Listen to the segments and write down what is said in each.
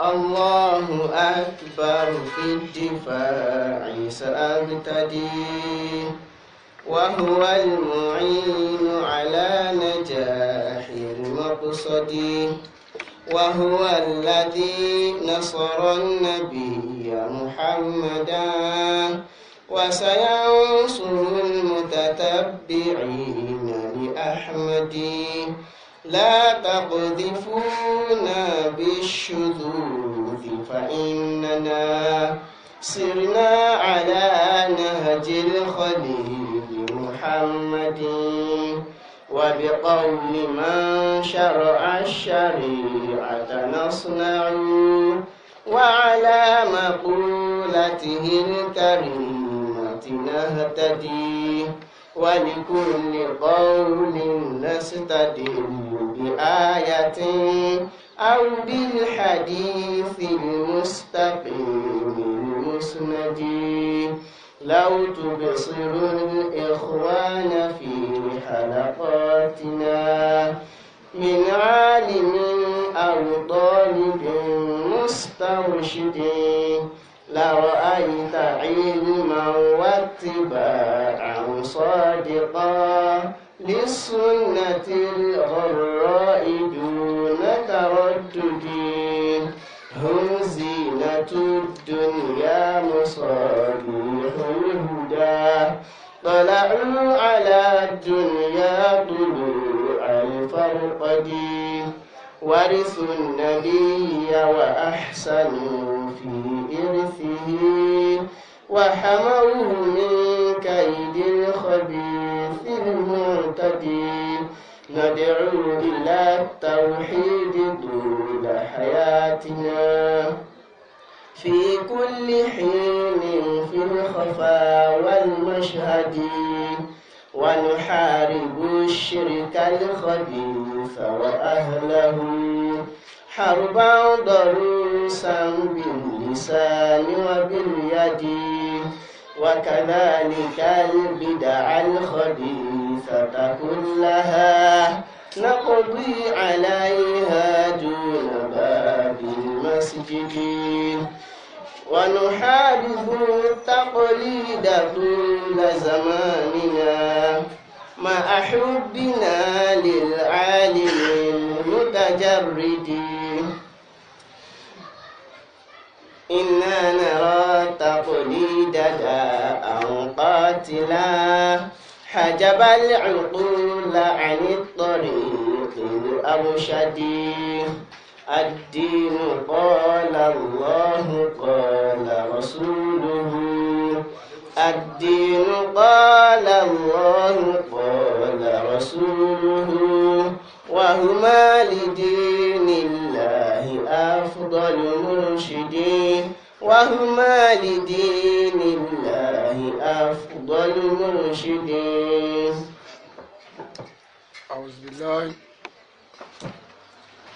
الله أكبر في الدفاع سأبتدي وهو المعين على نجاح المقصد وهو الذي نصر النبي محمدا وسينصر المتتبعين لأحمد لا تقذفونا بالشذوذ فإننا سرنا على نهج الخليل محمد وبقول من شرع الشريعة نصنع وعلى مقولته الكريمة نهتدي ولكل قوم نستدل بآية أو بالحديث المستقيم المسند لو تبصر الإخوان في حلقاتنا من عالم أو طالب مسترشد لرأيت علما واتباعا صادقا للسنة الغراء دون تردد هم زينة الدنيا مصابيح الهدى طلعوا على الدنيا طلوع الفرقدين ورثوا النبي وأحسنوا في إرثه وحموه من كيد الخبيث المعتدين ندعو إلى التوحيد طول حياتنا في كل حين في الخفا والمشهدين ونحاربوا الشرك الخبيث وأهله حربا ضروسا باللسان وباليد وكذلك البدع الخبيثة كلها نقضي عليها دون باب المسجد ونحادث تقليد كل زماننا مع حبنا للعالم المتجرد إنا نرى تقليدنا أو قاتلا حجب العقول عن الطريق الأرشد الدين قال الله قال رسوله الدين قال الله قال رسوله وهما لدين الله أفضل مرشدين وهما لدين الله أفضل مرشدين أعوذ بالله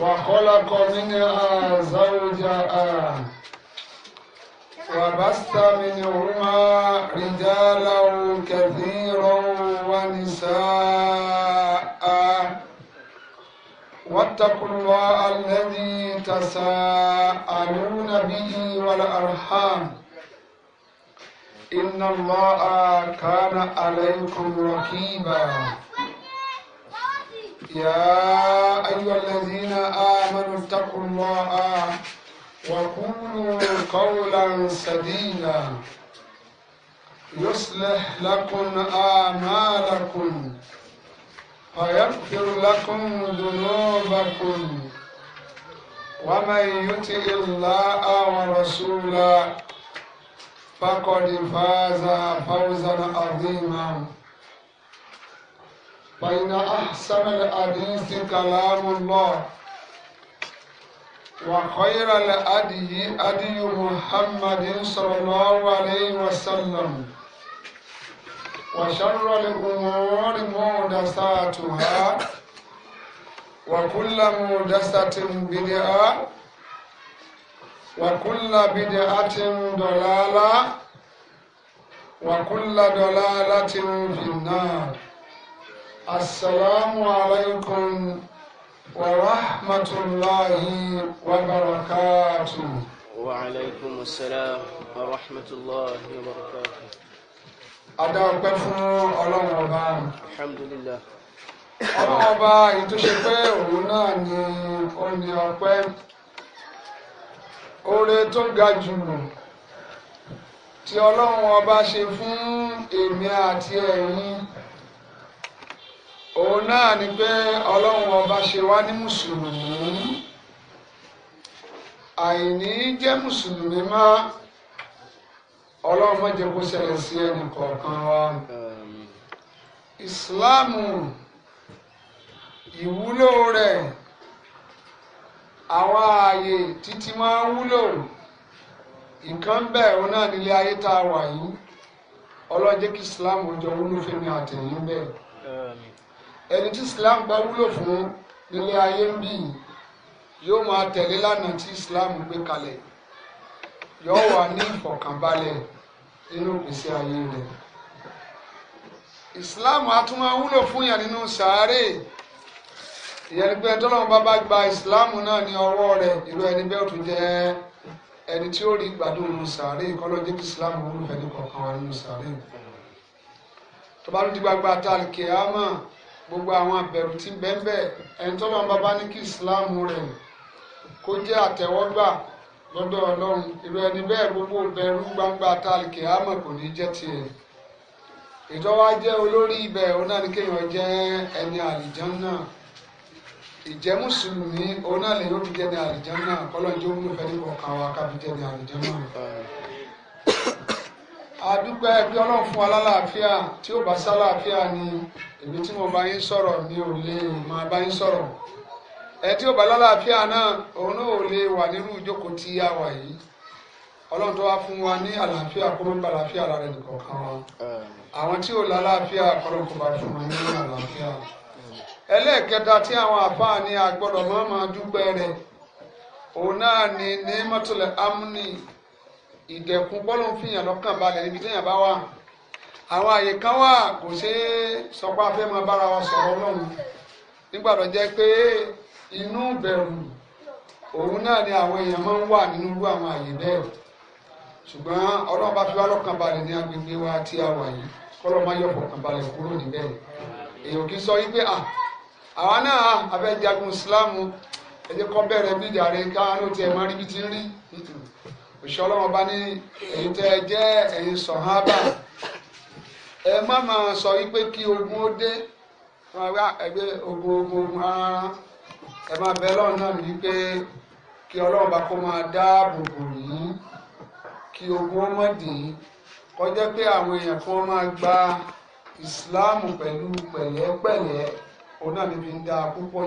وخلق منها زوجها وبث منهما رجالا كثيرا ونساء واتقوا الله الذي تساءلون به والأرحام إن الله كان عليكم رقيبا يا أيها الذين آمنوا اتقوا الله وقولوا قولا سديدا يصلح لكم آمالكم ويغفر لكم ذنوبكم ومن يطع الله ورسوله فقد فاز فوزا عظيما فإن أحسن الحديث كلام الله وخير الأدي أدي محمد صلى الله عليه وسلم وشر الأمور مودساتها وكل مودسة بدعة وكل بدعة ضلالة وكل ضلالة في النار السلام عليكم ورحمة الله وبركاته وعليكم السلام ورحمة الله وبركاته adáwọ̀pẹ́ fún ọlọ́run ọba alhamdulillah ọlọ́run ọba ìtúnṣe pé òun náà ni ó ní ọpẹ́ oore tó ga jùlọ tí ọlọ́run ọba ṣe fún èmi àti ẹ̀yin òun náà ni pé ọlọ́run ọba ṣe wá ní mùsùlùmí àìní jẹ́ mùsùlùmí má ọlọ́run má jẹ́ kó wa ìsìláàmù ìwúlò rẹ̀ àwọn ààyè títí máa wúlò nǹkan bẹ́ẹ̀ òun náà nílé ayé tá a wà jọ wúlò fún mi àtẹ̀yìn ẹni tí islam bá wúlò fún nílé ayé ń bì yóò máa tẹ̀lé lánàá tí islam gbé kalẹ̀ yóò wà ní ìfọ̀kànbalẹ̀ nínú ìgbésí ayé rẹ̀ islam á tún máa wúlò fún yàn nínú sàárè ìyẹn pé tọ́lọ́mù bá bá gba islam náà ní ọwọ́ rẹ̀ ìlú ẹni bẹ́ẹ̀ tún jẹ́ ẹni tí ó rí gbádùn nínú sàárè kọ́lọ́jẹ́ kí islam wúlò fẹ́ ní kọ̀ọ̀kan wà nínú sàárè tó bá ti gbàgbà tá a lè kéèyàn mọ̀ gbogbo àwọn àbẹ̀rù tí bẹ́ẹ̀ ẹni tó lọ́n bàbá ní kí islam rẹ̀ kó jẹ́ àtẹ̀wọ́gbà lọ́dọ̀ ọlọ́run irú ẹni bẹ́ẹ̀ gbogbo bẹ̀rù gbangba tálíkì àmọ̀ kò ní jẹ́ tiẹ̀ ìjọba jẹ́ olórí ibẹ̀ òun náà ní kéèyàn jẹ́ ẹni àlìján náà ìjẹ́ mùsùlùmí òun náà lè lórí jẹ́ ní àlìján náà kọ́lọ́njọ́ mú fẹ́ẹ́ ní kọ̀ọ̀kan wa kábíjẹ́ ní àlìján náà àdúpẹ́ bí ọlọ́run fún wa lálàáfíà tí ó bá sálàáfíà ni èmi tí mo bá yín sọ̀rọ̀ mi ò lè máa bá yín sọ̀rọ̀ ẹ tí ó bá lálàáfíà náà òun náà ò lè wà nírú ìjókòó tí a wà yìí ọlọ́run tó wá fún wa ní àlàáfíà kó ló ń ba àlàáfíà ara rẹ̀ kan wa àwọn tí ò lálàáfíà kọ́ ló ń kó ba fún wa ní àlàáfíà ẹlẹ́ẹ̀kẹta tí àwọn àfáà ní máa máa dúpẹ́ rẹ̀ òun náà ni ní mọ́tòlẹ̀ amúnì ìdẹ̀kùn bọ́lọ̀ ń fìyàn lọ́kàn balẹ̀ níbi téèyàn bá wà àwọn àyè kan wà kò ṣeé sọ pé a fẹ́ máa bára wa sọ̀rọ̀ ọlọ́run nígbà tó jẹ́ pé inú bẹ̀rù òun náà ni àwọn èèyàn máa ń wà nínú irú àwọn àyè bẹ́ẹ̀ ṣùgbọ́n ọlọ́run bá fi wá lọ́kàn balẹ̀ ní agbègbè wa tí a wà yìí kọ́lọ́ máa yọ̀ fọkàn balẹ̀ kúrò níbẹ̀ èèyàn kì í sọ wípé à àwa náà abẹ́jagun Islam ẹ̀jẹ̀ kọ́ bẹ̀rẹ̀ bíjà rẹ̀ káwọn ló tiẹ̀ máa rí bí ti ń rí òṣìṣẹ́ ọlọ́wọ́n bá ní èyí tẹ́ ẹ jẹ́ ẹ̀yin sọ̀hábà ẹ má máa sọ wípé kí ogun ó dé ẹgbẹ́ ogun ogun ogun ẹ máa bẹ lọ́run náà ní pé kí ọlọ́run kó máa dáàbò bò yín kí ogun ó mọ̀ dín kọjá pé àwọn èèyàn kan máa gba ìsìláàmù pẹ̀lú pẹ̀lẹ́pẹ̀lẹ́ òun náà níbi ń dáa púpọ̀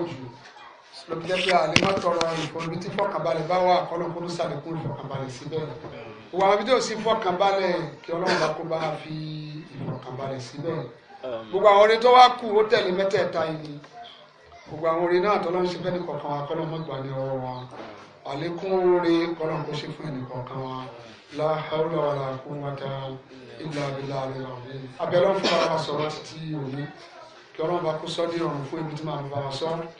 ló fi jẹ́ pé àlè má tọrọ ìfọ̀nbí tí fọkànbalẹ̀ bá wà kọ́lọ́ kó ló sàlékún ìfọkànbalẹ̀ síbẹ̀ wà á fi tó sí fọkànbalẹ̀ kí ọlọ́run bá kó bá fi ìfọkànbalẹ̀ síbẹ̀ gbogbo àwọn orin tó wá kù ó tẹ̀lé mẹ́tẹ̀ẹ̀ta yìí gbogbo àwọn orin náà tọ́lọ́run ṣe fẹ́ kọ̀ọ̀kan wa kọ́lọ́ mọ́gbà ní ọwọ́ wa àlékún orin kọ́lọ́ kó ṣe fún ẹnì kọ̀ọ̀kan wa la hawla wala quwwata illa billahi al-azim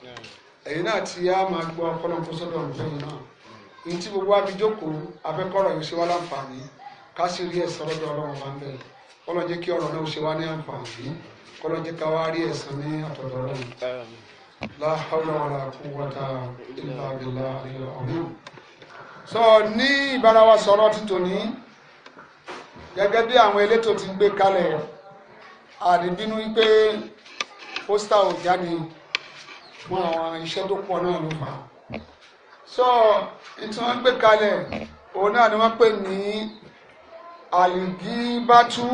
ẹ̀yin náà ti yá máa gbọ́ ọpọlọ tó sọ́dọ̀ ọ̀dọ́yìn náà ní tí gbogbo abijókòó afẹ́kọ̀rọ̀ yóò ṣe wá láǹfààní ká sì rí ẹ̀sán lọ́dọ̀ ọlọ́run bá ń bẹ̀ kọ́lọ́ jẹ́ kí ọ̀rọ̀ náà ṣe wá ní àǹfààní kọ́lọ́ jẹ́ rí ẹ̀sán ní àtọ̀dọ̀ ọlọ́run. la hawla wala quwwata illa billahi al-azim. sọ ní ìbára wa sọ̀rọ̀ ti tòní gẹ́gẹ́ bí àwọn elétò ti gbé kalẹ̀ àdìbínú pé pósítà ò jáde ṣùgbọ́n àwọn iṣẹ́ tó pọ̀ náà ló fà á so ìtí wọ́n gbé kalẹ̀ òun náà ni wọ́n pè ní àlìgíbátú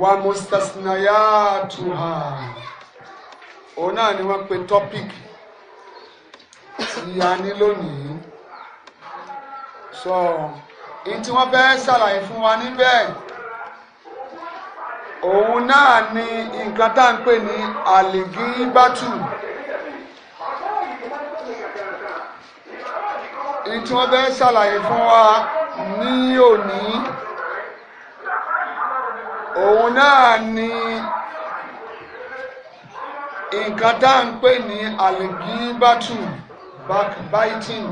wa mustasnayatuha òun náà ni wọ́n pè topic tí a lónìí so ìtí wọ́n fẹ́ ṣàlàyé fún wa níbẹ̀ òun náà ni nǹkan tá à ń pè ní àlìgíbátù èyí tí wọ́n ṣàlàyé fún wa ní òní òun náà ni nǹkan tá à ń pè ní àlìgíbátù backbiting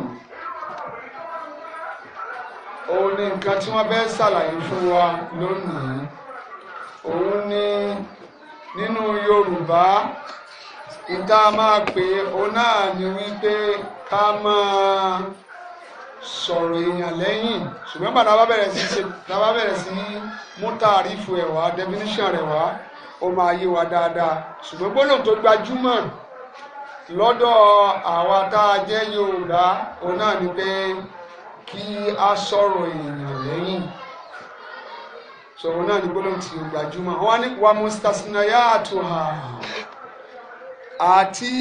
òun ni nǹkan tí wọ́n fẹ́ ṣàlàyé fún wa lónìí òun ni nínú Yorùbá ìta máa pè é òun náà ni wípé ká máa sọ̀rọ̀ èèyàn lẹ́yìn ṣùgbọ́n gbà tábà bẹ̀rẹ̀ sí ṣe tábà bẹ̀rẹ̀ sí mú tààrífù ẹ̀ wá definition rẹ̀ wá ó máa yé wa dáadáa ṣùgbọ́n gbólóhùn tó gbajúmọ̀ lọ́dọ̀ àwa tá a jẹ́ Yorùbá òun náà ni pé kí a sọ̀rọ̀ èèyàn lẹ́yìn sọ̀rọ̀ náà ní gbọ́dọ̀ ti gbajúmọ̀ wọ́n ní wa mustasnayatuha àti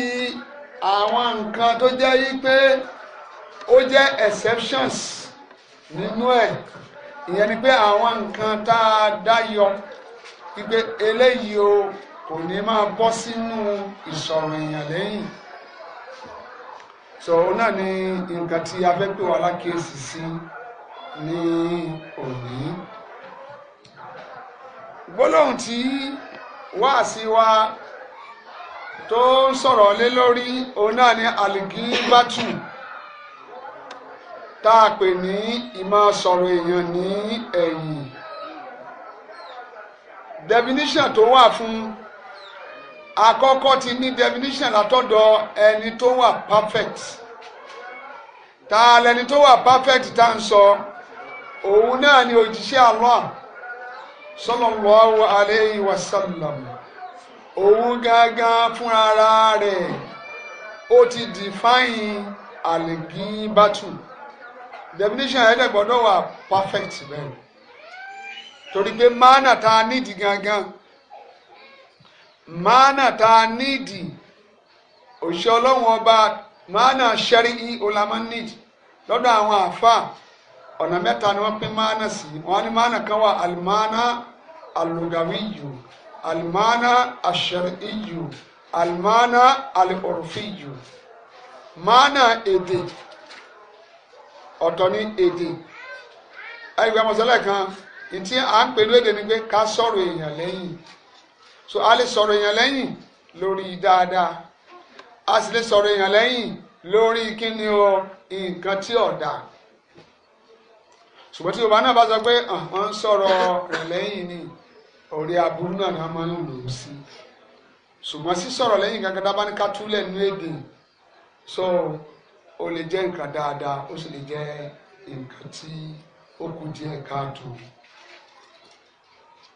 àwọn nǹkan tó jẹ́ yí pé ó jẹ́ exceptions nínú ẹ̀ ìyẹn ni pé àwọn nǹkan tá a dáyọ wípé eléyìí o kò ní máa bọ́ sínú ìsọ̀rọ̀ èèyàn lẹ́yìn sọ̀rọ̀ náà ni nǹkan tí a fẹ́ pè wá lákèésì sí ní òní gbólóhùn tí wáàsí wa tó ń sọ̀rọ̀ lé lórí òun náà ni àlìgíbátù tá a pè ní ìmọ̀ sọ̀rọ̀ èèyàn ní ẹ̀yìn definition tó wà fún àkọ́kọ́ ti ní definition látọ̀dọ̀ ẹni tó wà perfect ta lẹni tó wà perfect tá ń sọ òun náà ni òjíṣẹ́ Allah sallallahu alayhi sallam òun gángan fúnra rẹ̀ ó ti define àlègínbátù definition ẹ̀ẹ́dẹ̀ gbọ́dọ̀ wà perfect bẹ́ẹ̀ torí pé mánà tá a nídi gangan mánà tá a nídi òṣìṣẹ́ ọlọ́run ọba mánà ṣẹ́rí ọlámánìdì lọ́dọ̀ àwọn àáfàá ona mẹ́ta ni wọ́n pín máàna sí wọ́n ní máàna kan wà alimáàna alugawiyu alimáàna asariyu alimáàna aliorfiyu máàna èdè ọ̀tọ̀ ní èdè ẹgbẹ́ mọ̀sálẹ̀ kan ìtí à ń pèlú èdè ni pé ká sọ̀rọ̀ èèyàn lẹ́yìn so a lè sọ̀rọ̀ èèyàn lẹ́yìn lórí dáadáa a sì lè sọ̀rọ̀ èèyàn lẹ́yìn lórí kí o nǹkan tí ọ̀dà ṣùgbọ́n tí yorùbá náà bá sọ pé àwọn ń sọ̀rọ̀ rẹ̀ lẹ́yìn ni orí aburú náà ni wọ́n máa ń lò ó sí ṣùgbọ́n sísọ̀rọ̀ lẹ́yìn gangan dábàá ní ká túlẹ̀ èdè so ó lè jẹ́ nǹkan dáadáa ó sì lè jẹ́ nǹkan tí ó kù díẹ̀ káàtó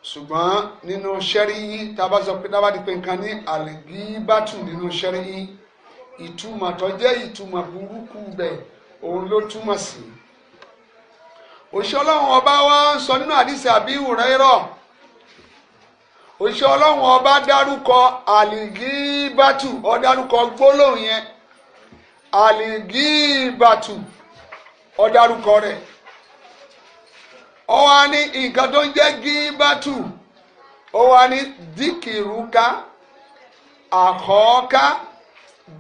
ṣùgbọ́n nínú ṣẹ́ríyí tábà sọ pé tábà di pé nǹkan ní àlègbíbàtù nínú ṣẹ́ríyí ìtumọ̀ tó jẹ́ ìtumọ̀ burúkú bẹ̀ òun ló túmọ̀ sí i òṣìṣẹ́ ọlọ́run ọba wa ń sọ nínú àdìsí àbí ìwúrẹ́rọ̀ òṣìṣẹ́ ọlọ́run ọba dárúkọ àlìgíbàtù ó dárúkọ gbólóhùn yẹn àlìgíbàtù ó dárúkọ rẹ̀ ó wá ní nǹkan tó ń jẹ́ gíbàtù ó wá ní àkọ́ọ́ká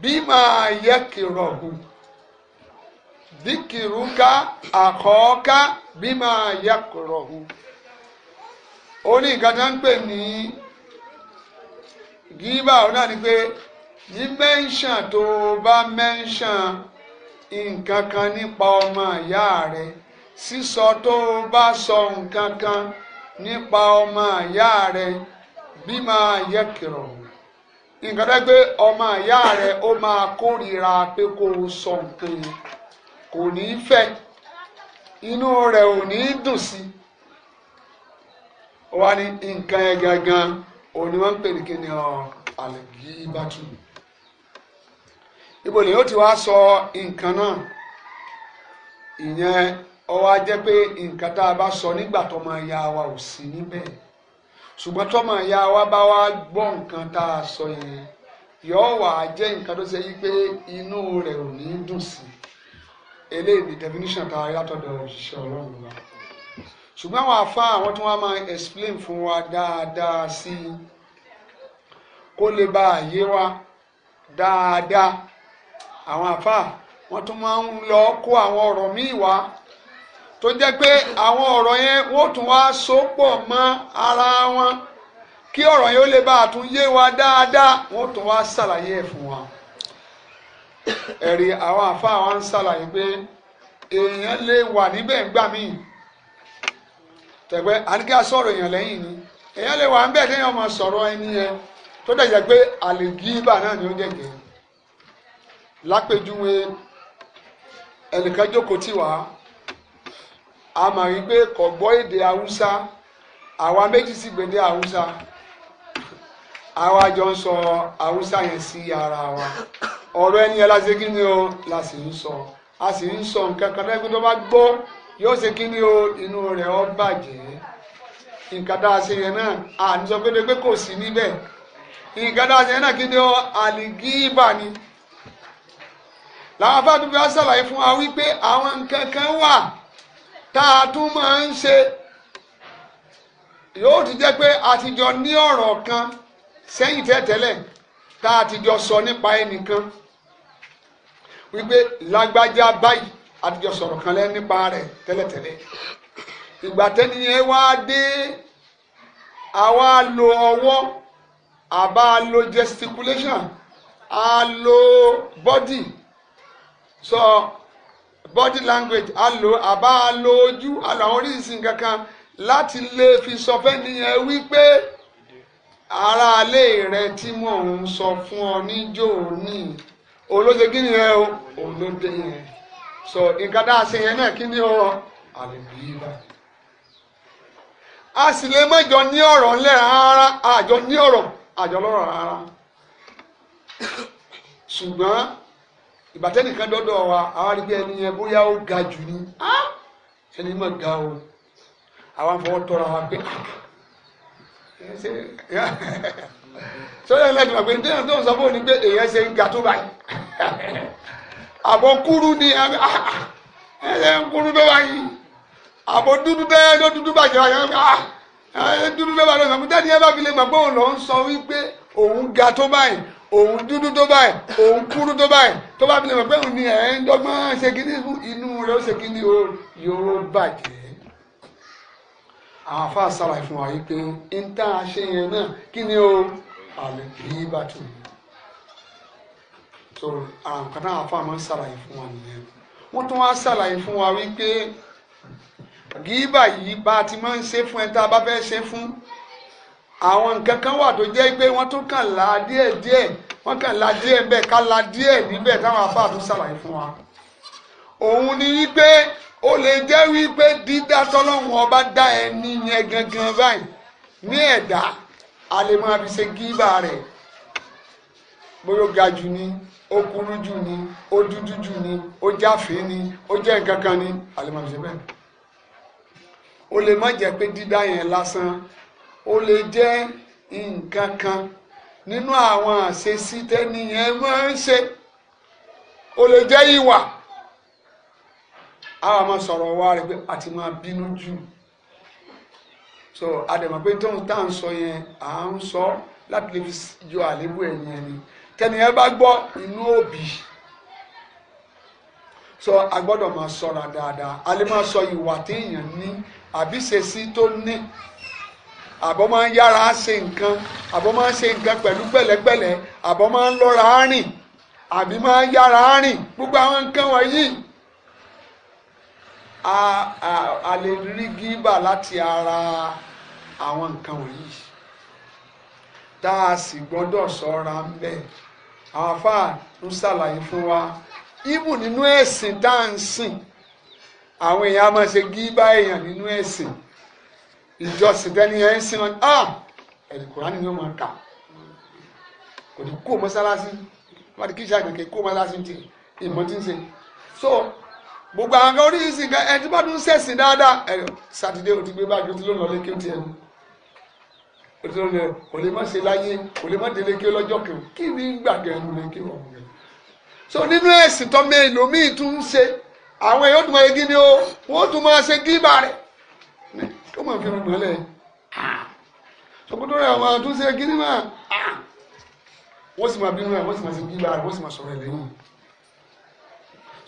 bímọ ayẹ́kìrọ̀hùn. díkìrúkà àkọ́ọ́ká bí máa yà kọ̀rọ̀ hù. ó ní nǹkan tó ń pè ní gíbà ó náà ni pé ní mẹ́ńṣàn tó bá mẹ́ńṣàn nǹkan kan nípa ọmọ ìyá rẹ sísọ tó bá sọ nǹkan kan nípa ọmọ ìyá rẹ bí máa yẹ kìrọ̀ hù nǹkan tó ń pè ọmọ ìyá rẹ ó máa kórìíra pé kó o sọ nǹkan yẹn. kò ní í fẹ́ inú rẹ̀ ò ní í dùn sí i wá ní nǹkan ẹ̀ gangan òun ni wọ́n ń pè ní kíni ọ àlẹ́gíbátù ibo lèyìn ó ti wá sọ nǹkan náà ìyẹn ó wá jẹ́ pé nǹkan tá a bá sọ nígbà tó máa ya wa ò sí níbẹ̀ ṣùgbọ́n tọ́mọ ìyá wa bá wá gbọ́ nǹkan tá a sọ yẹn yọ̀ọ́ wà á jẹ́ nǹkan tó ṣe yí pé inú rẹ̀ ò ní í dùn sí i eléyìí ni definition tá a rí látọ̀dọ̀ òṣìṣẹ́ ọlọ́run wa ṣùgbọ́n àwọn afá àwọn tí wọ́n máa explain fún wa dáadáa sí i kó lè bá a yé wa dáadáa àwọn afá wọ́n tún máa ń lọ kó àwọn ọ̀rọ̀ míì wá tó jẹ́ pé àwọn ọ̀rọ̀ yẹn wọ́n tún wá so pọ̀ mọ́ ara wọn kí ọ̀rọ̀ yẹn ó lè bá a wa dáadáa wọ́n tún wá ṣàlàyé ẹ̀ fún wa. ẹ̀rí àwọn àfa àwọn ń ṣàlàyé pé èèyàn lè wà níbẹ̀ ńgbà míì tẹ̀gbẹ́ àníkà sọ̀rọ̀ èèyàn lẹ́yìn ni èèyàn lè wà ńbẹ̀ téèyàn máa sọ̀rọ̀ ẹni yẹn tó dẹ̀ jẹ́ pé àlègíbà náà ni ó dẹ̀jẹ̀ lápèjúwe ẹnìkan jókòó mà rí pé kò gbọ́ èdè haúsá wa. ọ̀rọ̀ ẹni ẹlá kí ni o la sì ń sọ a sì ń sọ nǹkan kan lẹ́gbẹ́ tó bá gbọ́ yóò ṣe kí ni o inú rẹ̀ ó bàjẹ́ nǹkan tá a ṣe yẹn náà à ní sọ pé pé kò sí níbẹ̀ nǹkan tá a ṣe yẹn náà kí ni o àlìgíbà ni làwọn afáàdúgbò á ṣàlàyé fún wa wípé àwọn nǹkan kan wà tá a tún máa ń ṣe yóò ti jẹ́ pé àtijọ́ ní ọ̀rọ̀ kan sẹ́yìn tẹ́tẹ́lẹ̀ tá a ti jọ sọ nípa ẹnìkan wípé lágbájá báyìí a ti jọ sọ̀rọ̀ kan lẹ́ nípa rẹ̀ tẹ́lẹ̀tẹ́lẹ̀ ìgbà tẹ́niyẹn wá dé àwa lo ọwọ́ àbá lo gesticulation a lo body so, body language a lo àbá lo ojú a lo àwọn oríṣiríṣi nǹkan kan láti lè fi sọ fẹ́ nìyẹn wípé. alé rẹ tí mò ń sọ fún ọ níjọ́ ní olóde gíní rẹ o olóde yẹn sọ nǹkan tá a ṣe yẹn náà kí ni ọ a sì lè mọ́jọ ní ọ̀rọ̀ ńlẹ̀ rárá àjọ ní ọ̀rọ̀ àjọ lọ́rọ̀ rárá ṣùgbọ́n ìbátẹ́nìkan dọ́dọ̀ wa ẹni yẹn bóyá ó ga jù ní ẹni mọ̀ ga o sọ́yà ẹlẹ́gbẹ̀ẹ́ máa pé ní tẹ́yà tó ń sọ fún òní pé èèyàn ṣe ń ga tó báyìí àbọ̀ kúrú ni ah, ah, ẹ̀ẹ́dẹ̀ ń kúrú tó báyìí àbọ̀ dúdú tẹ́yà tó dúdú bàjẹ́ báyìí ah, ẹ̀ẹ́dẹ̀ dúdú tó báyìí ọ̀sán tẹ́yà bá fi lè mọ̀ pé òun lọ ń sọ wípé òun ga tó báyìí òun dúdú tó báyìí òun kúrú tó báyìí tó bá fi lè mọ̀ pé òun ni ẹ̀ẹ́dọ́gbọ́n ṣe kíní inú rẹ̀ ó ṣe kíní yóò bàjẹ́ àwọn afá sàlàyé wa yìí pé n tá a ṣe yẹn náà kí ni o àlèkìrí bá tù so àwọn kan náà afá máa ń sàlàyé fún wa nìyẹn wọ́n tún wá sàlàyé fún wa wípé gíbà yìí bá a ti máa ń ṣe fún ẹ tá a bá fẹ́ ṣe fún àwọn nǹkan kan wà tó jẹ́ pé wọ́n tún kàn la díẹ̀ díẹ̀ wọ́n kàn la díẹ̀ níbẹ̀ ká la díẹ̀ níbẹ̀ táwọn afá tún sàlàyé fún wa òun ni wípé O lè jẹ́ wípé dídá tọ́lọ́hún ọba dá ẹni yẹn gangan báyìí ní ẹ̀dá a lè máa fi ṣe gíbà rẹ̀ bóyá ó ga jù ni ó kúrú jù ni ó dúdú jù ni ó jáfèé ni ó jẹ́ nǹkan kan ni a lè máa fi ṣe bẹ́ẹ̀ ó lè má jẹ́ pé dídá yẹn lásán ó lè jẹ́ nǹkan kan nínú àwọn àṣesí tẹ́ni máa ń ṣe ó lè jẹ́ ìwà àwọn máa sọ̀rọ̀ wá rẹ̀ pé a ti máa bínú jù so àdèmọ̀ pé tó ń tá à ń sọ yẹn à ń sọ láti lè fi yọ àléébù ẹ̀yìn ẹni tẹnìyẹn bá gbọ́ inú òbí so a gbọ́dọ̀ máa sọ̀rọ̀ dáadáa a lè máa sọ ìwà téèyàn ní àbíṣesí tó ní àbọ̀ máa ń yára ṣe nǹkan àbọ̀ máa ń ṣe nǹkan pẹ̀lú pẹ̀lẹ́pẹ̀lẹ́ àbọ̀ máa ń lọ́ra rìn àbí máa ń yára rìn gbogbo àwọn nǹkan wọ̀nyí a a lè rí gíbà láti ara àwọn nǹkan wọ̀nyí tá a sì gbọ́dọ̀ ṣọ́ra ń bẹ̀ àwọn afáà ń ṣàlàyé fún wa ibù nínú ẹ̀sìn tá à ń sìn àwọn èèyàn á máa ṣe gíbà èèyàn nínú ẹ̀sìn ìjọsìn tẹ́ni ẹ̀ ń sìn wọn ah ẹ̀rì kùránì ni ó máa kà kò ní kó mọ́sálásí wọ́n ti kí ṣe àgbẹ̀kẹ́ kó mọ́sálásí ti ìmọ̀ tí ń ṣe so gbogbo àwọn kan oríṣiríṣi nǹkan ẹni tí bá tún ṣẹ̀sìn dáadáa ẹ̀rọ sátidé o ti gbé báàgì o ti lónà lé kí o ti ẹnu o ti lónà kò lè má ṣe láyé kò lè má délé kí o lọ́jọ́ kí o kí ni gbàgbé ẹnu lè kí o ọ̀hún rẹ̀ so nínú ẹ̀sìn tó mélòó míì tún ń ṣe àwọn èèyàn tún máa ṣe gíní o wọ́n tún máa ṣe gíbà rẹ̀ tó máa fi rògbò lẹ̀ ṣòkòtò rẹ̀ àwọn àtúnṣe gíní máa wọ́n sì máa bínú rẹ̀ wọ́n sì máa ṣe gíbà rẹ̀ wọ́n sì máa sọ̀rọ̀ ẹ̀ lẹ́yìn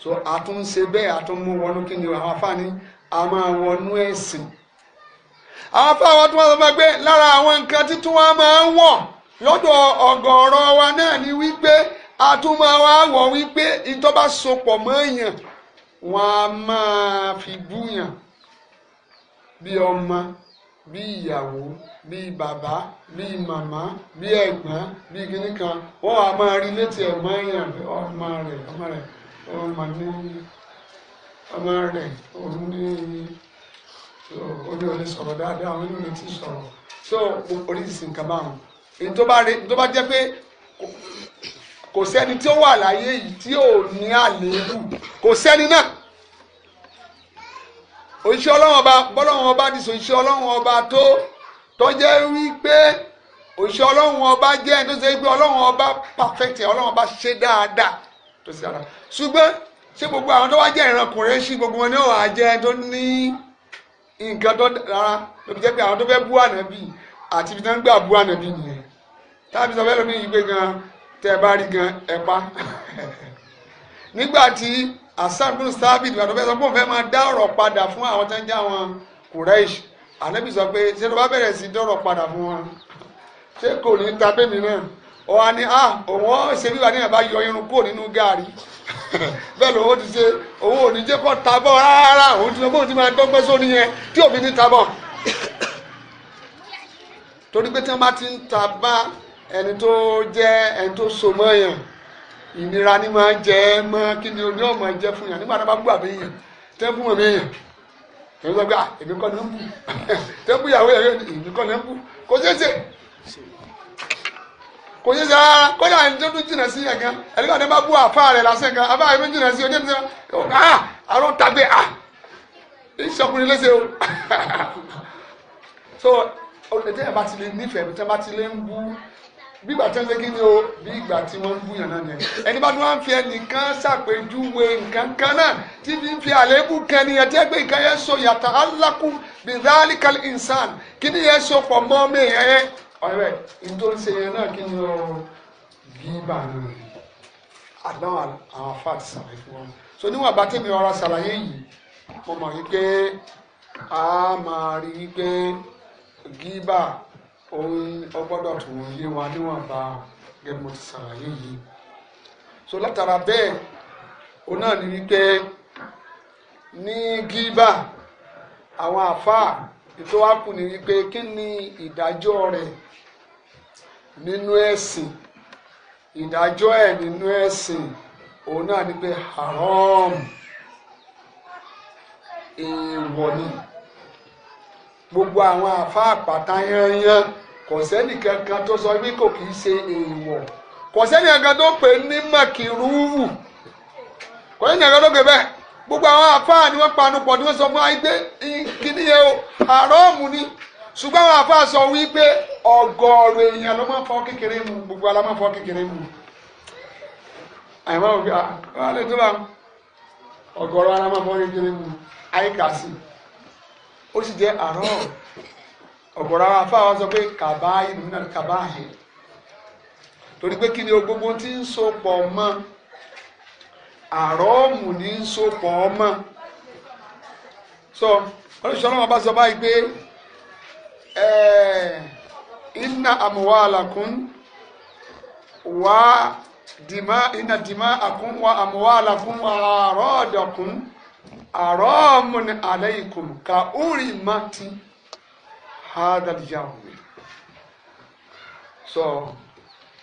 so a tún ń ṣe bẹ́ẹ̀ a kí ni àwọn afáàní a máa wọnú ẹ̀sìn àwọn afáwọn tó wọ́n sọ pé lára àwọn nǹkan títún wa máa ń wa náà ni wípé wípé ìjọba fi búyàn bí ọmọ bí ìyàwó bí bàbá bí màmá bí ẹ̀gbọ́n bí kìnnìkan wọn a máa rí létí ọmọ ní ọmọ rẹ̀ òun ní orí òní sọ̀rọ̀ dáadáa àwọn onímọ̀ ti sọ̀rọ̀ so oríṣiríṣi nǹkan márùn èyí tó bá rí tó bá jẹ́ pé kò sẹ́ni tí ó wà láyé yìí tí ò ní àléébù kò sẹ́ni náà òṣìṣẹ́ ọlọ́run ọba bọ́lọ́run ọba ti sọ òṣìṣẹ́ ọlọ́run ọba tó tọ́jẹ́ wípé òṣìṣẹ́ ọlọ́run ọba jẹ́ ẹni tó ṣe pé ọlọ́run ọba pàfẹ́tì ọlọ́run ọba ṣe dáadáa tó sí ara ṣùgbọ́n ṣé gbogbo àwọn tó wá jẹ́ ìran kùrẹ́ṣì gbogbo wọn ni ó wà jẹ́ tó ní nǹkan tó dára ló fi jẹ́ pé àwọn tó fẹ́ bú ànábì àti ibi tí wọ́n ń gbà bú ànábì nìyẹn tábí sọ fẹ́ lómi yìí pé gan tẹ́ ẹ bá rí gan ẹ pa nígbà tí hasan bin sabit wà tó fẹ́ sọ pé òun fẹ́ máa dá ọ̀rọ̀ padà fún àwọn tó ń já wọn kùrẹ́ṣì ànábì sọ pé ṣé tó bá bẹ̀rẹ̀ sí dọ̀rọ̀ padà fún wọn ṣé kò ní ta náà ó wá ní ah òun ó ṣe bí wà ní ìyàbá yọ irun kúrò nínú gaari bẹ́ẹ̀ lòun ó ti ṣe òun ò ní jẹ́ kó tabọ̀ rárá òun ti lọ bóun ti máa dọ́gbẹ́ sórí yẹn tí òbí ní tabọ̀ torí pé tí wọ́n bá ti ń ta bá ẹni tó jẹ́ ẹni tó so mọ́ yàn ìnira ni máa jẹ ẹ mọ́ kí ni oní ọmọ jẹ fún yàn nígbà tó bá gbà mí yàn tẹ́ fún mi yàn tẹ́ fún èmi kọ́ ni ń bù tẹ́ fún ìyàwó yàn èmi kọ́ ni ń bù kò ṣeé ṣe kò yé sara rárá kódà ẹni tó tún jìnnà sí yẹn gan ẹni tó bá bú àfa rẹ lásán gan àfa rẹ tó jìnnà sí ojú ẹni ah àrùn tàgbé ah ìṣọkùnrin léṣe o so olùdíje ẹ̀ bá ti lè nífẹ̀ẹ́ bí tí wọ́n bá ti lè ń bú bí ìgbà tí wọ́n ṣe kí ni o bí ìgbà tí wọ́n ń bú yàn náà nìyẹn ẹni bá ní wọ́n fi ẹnìkan ṣàpèjúwe nǹkan kan náà tí fi ń fi àléébù kẹni ẹ̀ tí ẹ yàtọ̀ alákùn bíi ráàlì kàlí kí ni yẹn so pọ̀ mọ́ ọmọ èèyàn ọ̀rẹ́ nítorí ṣe yẹn náà kí ni o gíbà náà àdáwọn àwọn afáàtì sàlàyé fún wọn so níwọ̀n bá tèmi ọ̀rọ̀ sàlàyé yìí mo mọ̀ wípé a máa rí wípé gíbà òun ọgbọ́dọ̀ tó yé wa níwọ̀n bá gẹ́gẹ́ mo ti sàlàyé so látara bẹ́ẹ̀ òun náà ní wípé ní gíbà àwọn àfáà ètò wa kù ní wípé kí ni ìdájọ́ nínú ẹ̀sìn ìdájọ́ ẹ̀ nínú ẹ̀sìn òun náà ni pé haram èèwọ̀ ni gbogbo àwọn àáfàá pátá yányán kò sẹ́nì kankan tó sọ wí kò kì í ṣe èèwọ̀ kò sẹ́nì kankan tó pè ní mọ̀kìrúwù kò gbogbo àwọn àáfàá ni wọ́n panu pọ̀ ni wọ́n sọ fún wa o haram ni. ṣùgbọ́n àwọn àfa sọ wípé ọgọ́ọ̀rọ̀ èèyàn ló máa ń mụ gbogbo ala máa ń kékeré mu àyìnbá òbí àwọn tó bá ala máa ń kékeré mu àyíká sí ó sì jẹ́ àárọ̀ ọ̀gọ̀rọ̀ àwọn afá wa sọ pé kàbáyé nínú kàbáyé torí pé kí ni gbogbo tí ń so pọ̀ mọ́ so pọ̀ mọ́ wọn bá Eh, inna amuwalakun wa dima inna dima akun wa amuwalakun wa arọ́ọ̀dọ̀kun aramun aleikum ka orí mati hadalijahun so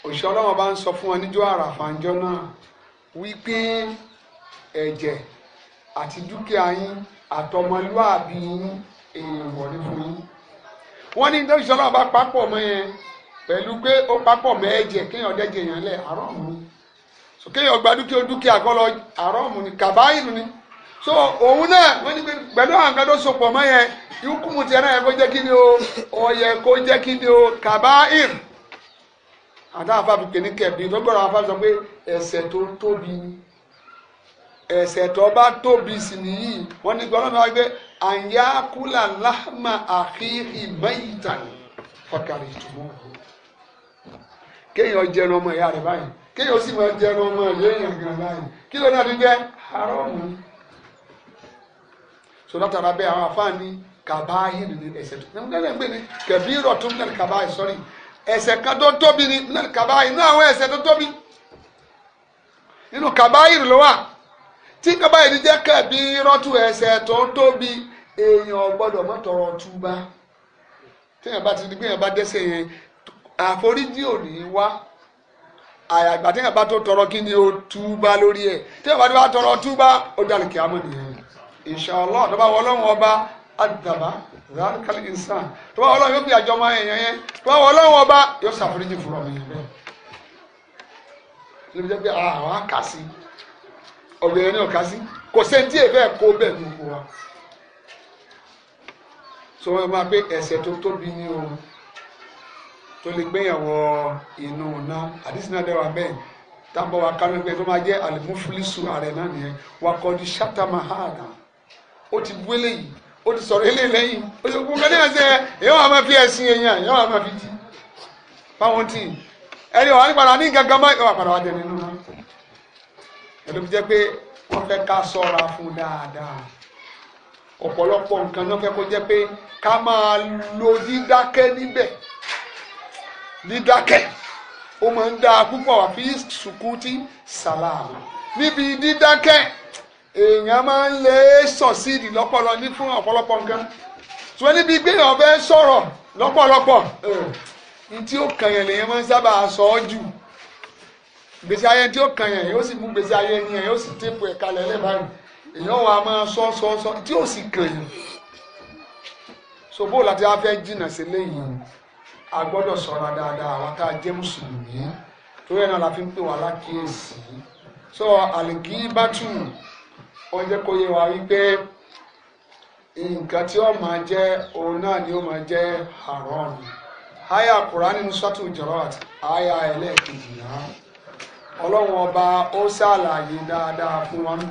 òṣìṣẹ́ ọlọ́wọ́n bá ń sọ fún wọn níjọ́ àràfàǹjọ́ náà wípé ẹ̀jẹ̀ àti dúkìá yín àtọmọlúàbí yín èèyàn wọ̀ ní fún yín wọ́n ní nítorí sọ́lá ọba papọ̀ mọ́ yẹn pẹ̀lú pé ó papọ̀ mọ́ ẹ̀jẹ̀ kéèyàn dẹ́jẹ̀ yẹn lẹ̀ àrọ́ọ̀mù ni so kéèyàn gba dúkìá dúkìá kọ́ lọ àrọ́ọ̀mù ni kàbáyìlú ni so òun náà wọ́n ní pẹ̀lú àwọn kan tó sopọ̀ mọ́ yẹn ìhùkùmù tiẹ̀ náà yẹ kó jẹ́ kí ni o ọ̀yẹ̀ kó jẹ́ kí ni o kàbáyìlú àtàwọn afáfi pè ní kẹ̀bí lọ́gbọ̀rọ̀ àwọn afáfi sọ pé ẹ̀ṣẹ̀ tó tóbi ni ẹ̀ṣẹ̀ tó bá tóbi sí nìyí wọ́n ní gbọ́dọ̀ náà gbé àyàkúlà láhmà àkíhì mẹ́yìtàn fọkàrí ìtumọ̀ kéèyàn jẹun ọmọ ìyá rẹ̀ báyìí kéèyàn sì máa jẹun ọmọ ìyẹn gan báyìí kí ló náà ti jẹ́ haramu so látara bẹ́ẹ̀ àwọn afáàní kàbáyé ni ẹ̀ṣẹ̀ tó nígbà gbé ni kẹ̀bí rọ̀ tó nílẹ̀ kàbáyé sọ́rí ẹ̀ṣẹ̀ kan tó tóbi ni nílẹ̀ kàbáyé ní àwọn ẹ̀ṣẹ̀ tó tóbi nínú kàbáyé ló wà tí nǹkan báyìí ti jẹ́ kẹ̀bí rọ́tù ẹ̀ṣẹ̀ tó ń tóbi èèyàn gbọ́dọ̀ mọ́ tọrọ túbá téèyàn bá ti di gbéyàn bá dẹ́ṣẹ̀ yẹn àforíjì ò ní wá àyàgbà téèyàn bá tó tọrọ kí ni o túbá lórí ẹ̀ téèyàn bá ti wá tọrọ túbá ó dàlù kí á mọ̀ nìyẹn inshallah tó bá wọ ọlọ́run ọba àdàbà ránkálí ìsàn tó bá wọ ọlọ́run yóò fi àjọ ọmọ èèyàn yẹn tó bá wọ ọlọ́run ọba yóò ṣàforíjì fún ọmọ yẹn bẹ́ẹ̀ ló fi jẹ́ pé àwọn á ọ̀rọ̀ yẹn ní ọ̀ka sí kò sẹ́ńtì ẹ̀ fẹ́ kó bẹ́ẹ̀ ní gbogbo wa so wọn máa gbé ẹsẹ̀ tó tóbi ní o tó lè gbéyàwó inú náà àdísí bẹ́ẹ̀ tábọ wa kánú pé tó máa jẹ àlùmúfúlísù ààrẹ náà nìyẹn wà kọ di ṣáta mahara ó ti bú eléyìí ó ti sọ̀rọ̀ eléyìí lẹ́yìn ó ti kú kẹlẹ ẹsẹ̀ èyí wàá máa fi ẹ̀sìn èèyàn èyí wàá máa fi jí fáwọn tí ẹni wàá nípa ní gangan báyìí wàá padà wá dẹni nínú náà ẹ̀dọ́ fi jẹ́ pé wọ́n fẹ́ ká sọ́ra fún dáadáa ọ̀pọ̀lọpọ̀ nǹkan náà fẹ́ kó jẹ́ pé ká máa lo dídákẹ́ níbẹ̀ dídákẹ́ ó máa ń dá púpọ̀ wá fi sùkútì sàlámù níbi dídákẹ́ èèyàn máa ń lè sọ̀síìdì lọ́pọ̀lọ ní fún ọ̀pọ̀lọpọ̀ nǹkan ṣùgbọ́n níbi gbéyàn fẹ́ sọ̀rọ̀ lọ́pọ̀lọpọ̀ ní tí ó kàn yẹn lèyàn máa ń sábà sọ ọ́ jù gbèsè ayé tí ó kàn yẹn yóò sì mú gbèsè ayé yẹn yóò sì tẹ́pù ẹ̀ kalẹ̀ lẹ́bàá èèyàn wa máa sọ sọ sọ tí ó sì kàn yẹn sobo jìnnà sí léyìn a gbọ́dọ̀ sọ̀rọ̀ dáadáa mùsùlùmí torí la fi ń pè wá lákìyèsí sọ àlìkí jẹ́ kó wípé nǹkan tí ó máa jẹ́ òun náà ni ó máa jẹ́ aya nínú ọlọ́run ọba ó ṣàlàyé dáadáa fún wa ń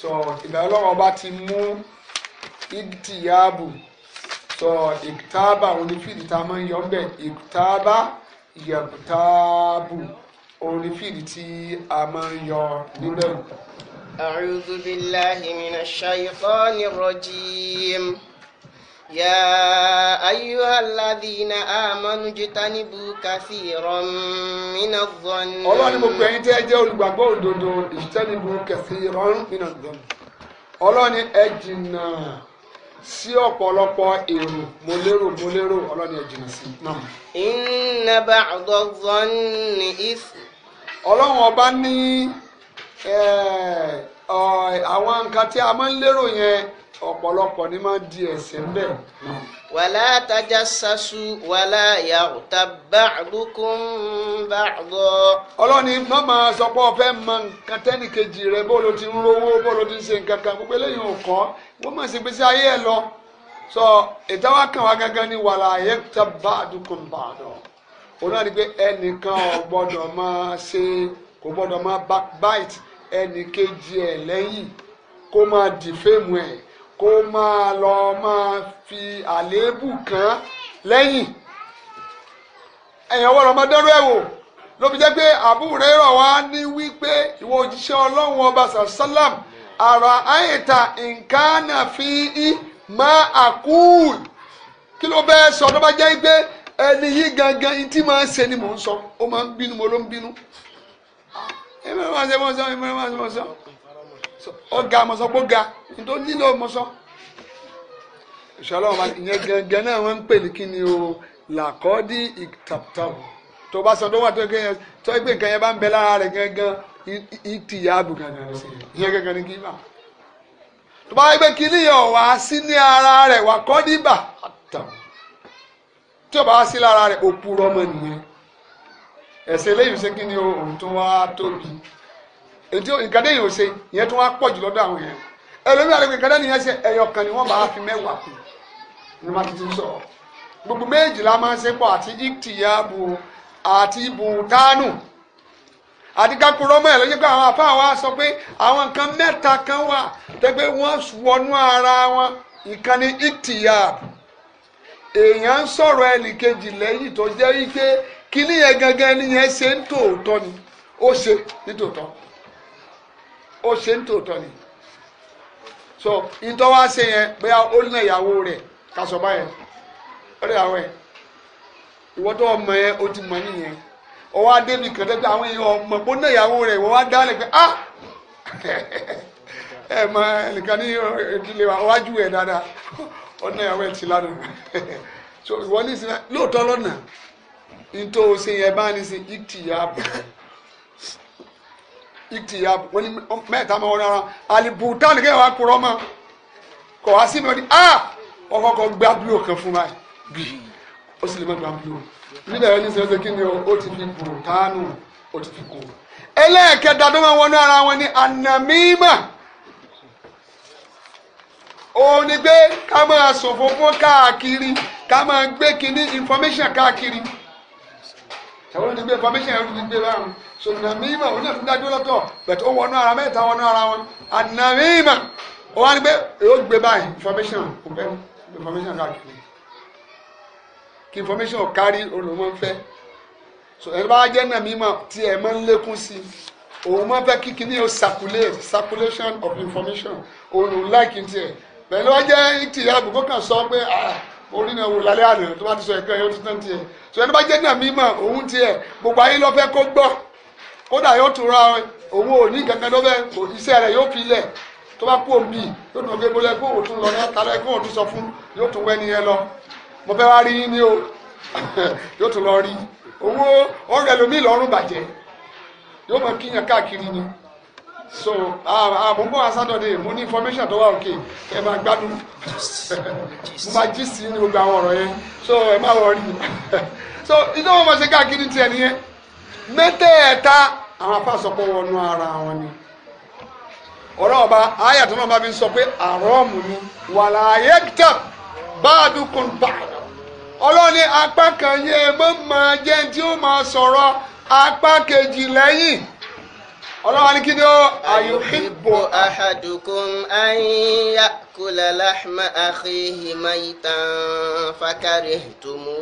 sọ ìgbà ọlọ́run ọba ti mú ìdíyàbù sọ ìkútàbà òun tá a máa ń yọ ń bẹ̀ ìkútàbà ìyàkútàbù òun tí a máa ń yọ níbẹ̀. أعوذ بالله من الشيطان الرجيم يا أيها الذين آمنوا اجتنبوا كثيرا من الظن Ọlọ́run ni mo pè yín اجتنبوا كثيرا من الظن ni sí ọ̀pọ̀lọpọ̀ èrò mo lérò mo lérò ni sí náà. إن بعض الظن Ọlọ́run ọba ní a máa ń lérò yẹn ọ̀pọ̀lọpọ̀ ni máa ń di ẹ̀sìn bẹ́ẹ̀. wàlá tajassasu wàlá yaghtab ba'dukum ba'da. ọlọ́ni má máa sọ pé ọ̀fẹ́ mọ nǹkan tẹ́nìkejì rẹ bó ló ti ń rówó bó ló ti ń ṣe nǹkan kan gbogbo eléyìí ò kọ́ wọ́n máa ṣe gbèsè ayé ẹ̀ lọ. sọ ìtawá kan wá gangan ni wàlá yaghtab ba'dukum ba'da. òun náà ni pé ẹnìkan ò gbọ́dọ̀ máa ṣe kò gbọ́dọ̀ máa backbite ẹnìkejì ẹ̀ lẹ́yìn kó máa dìféèmù ẹ̀ kó máa lọ máa fi àléébù kan lẹ́yìn ẹ̀yàn wọ́n lọ ẹ̀ wò ló jẹ́ pé Abu Hurairah wá ní wípé ìwọ òjíṣẹ́ ọlọ́run ọba sàlám àrà àyètà nǹkan àfi í máa àkúùl kí ló bẹ́ẹ̀ sọ tó bá jẹ́ pé ẹni yìí gangan ní tí máa ṣe ni mò ń sọ ó máa ń bínú mo ló ń bínú. ẹ̀mí ló máa ń ṣe mọ́ sọ́ ẹ̀mí ló máa ń ṣe mọ́ sọ́ ọ̀gá mọ̀sọ́pọ̀ ga nítorí nílò mọ̀sọ́ ìṣọlọ́wọ́ ìyẹn gẹ́gẹ́ náà wọ́n ń pè ní kíni o làkọ́dí ìtàpùtàpù tó bá sọ tó wà tó ń kéèyàn tó ń pè nǹkan yẹn bá ń bẹ lára rẹ̀ gángan ìtìyà àbùkàn náà sí ìyẹn gángan ní kíbà tó bá wípé kíní yẹn ọ̀ wá sí ní ara rẹ̀ wà kọ́ níbà àtàwù tí ò bá sí lára rẹ̀ òpùrọ̀ ọmọ nìyẹn ẹ̀sẹ̀ eléyìí ṣe kíni o òun tó wá tóbi. èdè nǹkan dé yòó ṣe ìyẹn tó wá pọ̀ jù lọ́dọ̀ àwọn yẹn ẹlòmí àlejò nǹkan ẹyọ kan ni wọ́n bá fi mẹ́wàá kù ni wọ́n sọ gbogbo méjìlá máa ń ṣe pọ̀ àti ìtìyàbù àti bùtánù àti kakuro mọ́ ẹ̀ lóye àwọn àfáà sọ pé àwọn nǹkan kan wà wọnú ara wọn nǹkan ni èèyàn ẹnìkejì tó yẹn ni yẹn ń ni ó ṣe ń tòótọ́ ni so ìtọ́wá ṣe yẹn bóyá ó ná ìyàwó rẹ̀ kásọ̀ báyẹn ó lè yàwó ẹ̀ ìwọ ọmọ yẹn ó ti mọ̀ nìyẹn ó wá kan tẹ́tẹ́ àwọn èèyàn ọmọ bó ná ìyàwó rẹ̀ pé ah ẹ mọ ẹnìkan ní ìdílé wa wájú ẹ̀ dáadáa ó ná ìyàwó ẹ̀ ti so ìwọ ní sinmi lóòótọ́ lọ́nà nítorí o ṣe yẹn bá ní sin ìtìyà bọ̀. ìtìyà ya ni mẹ́ta máa wọn rárá àlìbùtánì kẹ́yìn wá kúrọ́ mọ́ kọ̀ wá sí mi wọ́n ni ah ọkọ̀ kan gbá bílò kan fún báyìí bì ó sì lè má gbá bílò níbẹ̀ ẹni sọ ṣe kí ni ó ti fi bùtánù ó ti fi kú. ẹlẹ́ẹ̀kẹta tó máa wọnú ara wọn ni ànàmímà òun ni pé ká máa ṣòfò fún káàkiri ká máa gbé kinní information káàkiri ṣàwọn onígbé information ẹrú ti gbé báwọn so òun náà tún dájú lọ́tọ̀ bẹ̀tẹ̀ ó wọnú ara mẹ́ta wọnú ara wọn ànàmímà ó wá ní pé yóò gbé báyìí information kò fẹ́ information káàkiri kí information kárí olùmọ̀ fẹ́ so ẹni bá jẹ́ nàmímà tí ẹ̀ máa ń lékún sí òun máa fẹ́ kí kíní o circulate circulation of information òun ò láìkí tiẹ̀ pẹ̀lú ọjọ́ ìtìyà àbùkù kan sọ pé ah orí náà wò lálẹ́ àná tó bá ti sọ ẹ̀kan yóò ti tiẹ̀ so ẹni bá jẹ́ nàmímà òun tiẹ̀ gbogbo ayé ló kó gbọ́. kódà yóò tún ra owó òní kankan lọ́bẹ̀ iṣẹ́ rẹ̀ yóò fi lẹ̀ tó bá kú òmí yóò tún gbé bọ́lẹ̀ kó òtún lọ náà tálẹ̀ kó òtún sọ fún yóò tún wẹ́ni yẹn lọ mo fẹ́ wá rí yín ní o yóò tún lọ rí owó ọ̀rẹ́ lomi lọ́rùn bàjẹ́ yóò mọ kíyàn wà òkè ẹ máa gbádùn mo máa jí sí ní gbogbo àwọn ọ̀rọ̀ yẹn so ẹ so ìjọba mo ṣe mẹ́tẹ̀ẹ̀ta àwọn afáàsọpọ̀ wọnú ara wọn ni ọ̀rọ̀ ọba ayàtọ̀ náà bá fi sọ pé àrọ́ọ̀mù ni wàlà ayéktà báàdùkùn báàdù ọlọ́ni apá kan yẹ mọ́ máa jẹ́ tí ó máa sọ̀rọ̀ apá kejì lẹ́yìn ọlọ́wà ní kí ni ó ayuhibbu ahadukum an ya'kula lahma akhihi maytan fakarihtumu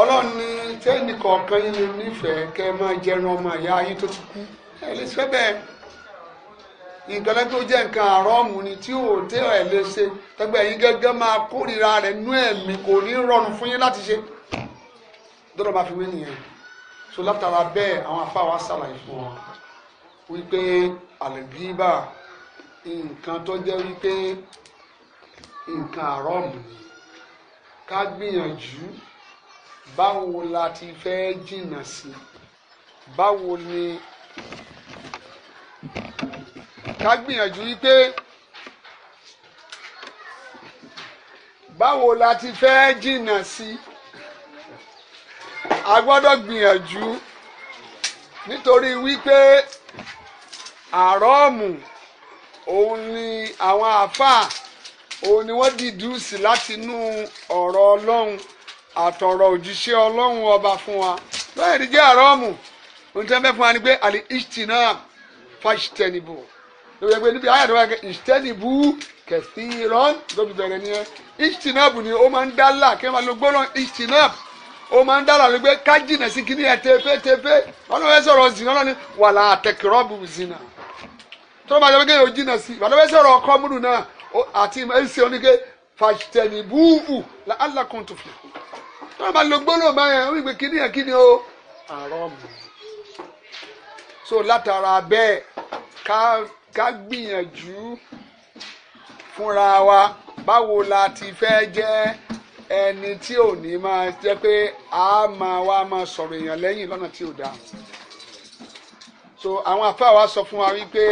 ọlọ́run ní tẹ́ẹ̀nì kọ̀ọ̀kan yín lè nífẹ̀ẹ́ kẹ́ ẹ máa jẹun ọmọ ìyá yín tó ti kú ẹ lè fẹ́ bẹ́ẹ̀ nǹkan lẹ́gbẹ́ ó jẹ́ nǹkan àrọ́ọ̀mù ni tí ò dé ẹ̀ lè ṣe tẹ́gbẹ́ yín gẹ́gẹ́ máa kórìíra rẹ̀ nú ẹ̀mí kò ní rọrùn fún yín láti ṣe dọ́dọ̀ bá fi wé nìyẹn so látara bẹ́ẹ̀ àwọn afá wa ṣàlàyé fún wa wípé àlùbíbà nǹkan tó jẹ́ wípé nǹkan àrọ́ọ̀mù ni ká gbìyànjú báwo la ti fẹ́ jìnnà sí báwo ni ká gbìyànjú wípé báwo la ti fẹ́ jìnnà sí a gbọ́dọ̀ gbìyànjú nítorí wípé àrọ́ọ̀mù òun ni àwọn àáfàá òun ni wọ́n dìdú sí látinú ọ̀rọ̀ ọlọ́run àtọ̀rọ̀ òjíṣẹ́ ọlọ́run ọba fún wa lọ́yẹ̀ ní jẹ́ àrọ́ọ̀mù ohun tí wọ́n fẹ́ fún wa ni pé àlè ìṣtìnà fàṣtẹ̀nìbù lórí ẹgbẹ́ níbi ayé àdúrà ìṣtẹ̀nìbù kẹ̀sí rán lóbi bẹ̀rẹ̀ nìyẹn ìṣtìnà ni ó máa ń dá là kí wọ́n máa lo gbọ́dọ̀ ìṣtìnà ó máa ń dára ló pé ká jìnà sí kíní ẹ tefe tefe ọlọ́wẹ́ sọ̀rọ̀ zina lọ́ni wàlà àtẹkìrọ́bù zina tó bá jẹ́ pé kéèyàn jìnà sí ìbàdàbẹ́ tí wọ́n bá lo gbólóhùn báyẹn wọ́n wípé kíni yẹn kíni o àrọ́ọ̀mù so látara bẹ́ẹ̀ ká ká gbìyànjú fúnra wa báwo la ti fẹ́ jẹ́ ẹni tí ò ní máa jẹ́ pé a máa wá máa sọ̀rọ̀ èèyàn lẹ́yìn lọ́nà tí ò dáa so àwọn afáwa sọ fún wa wípé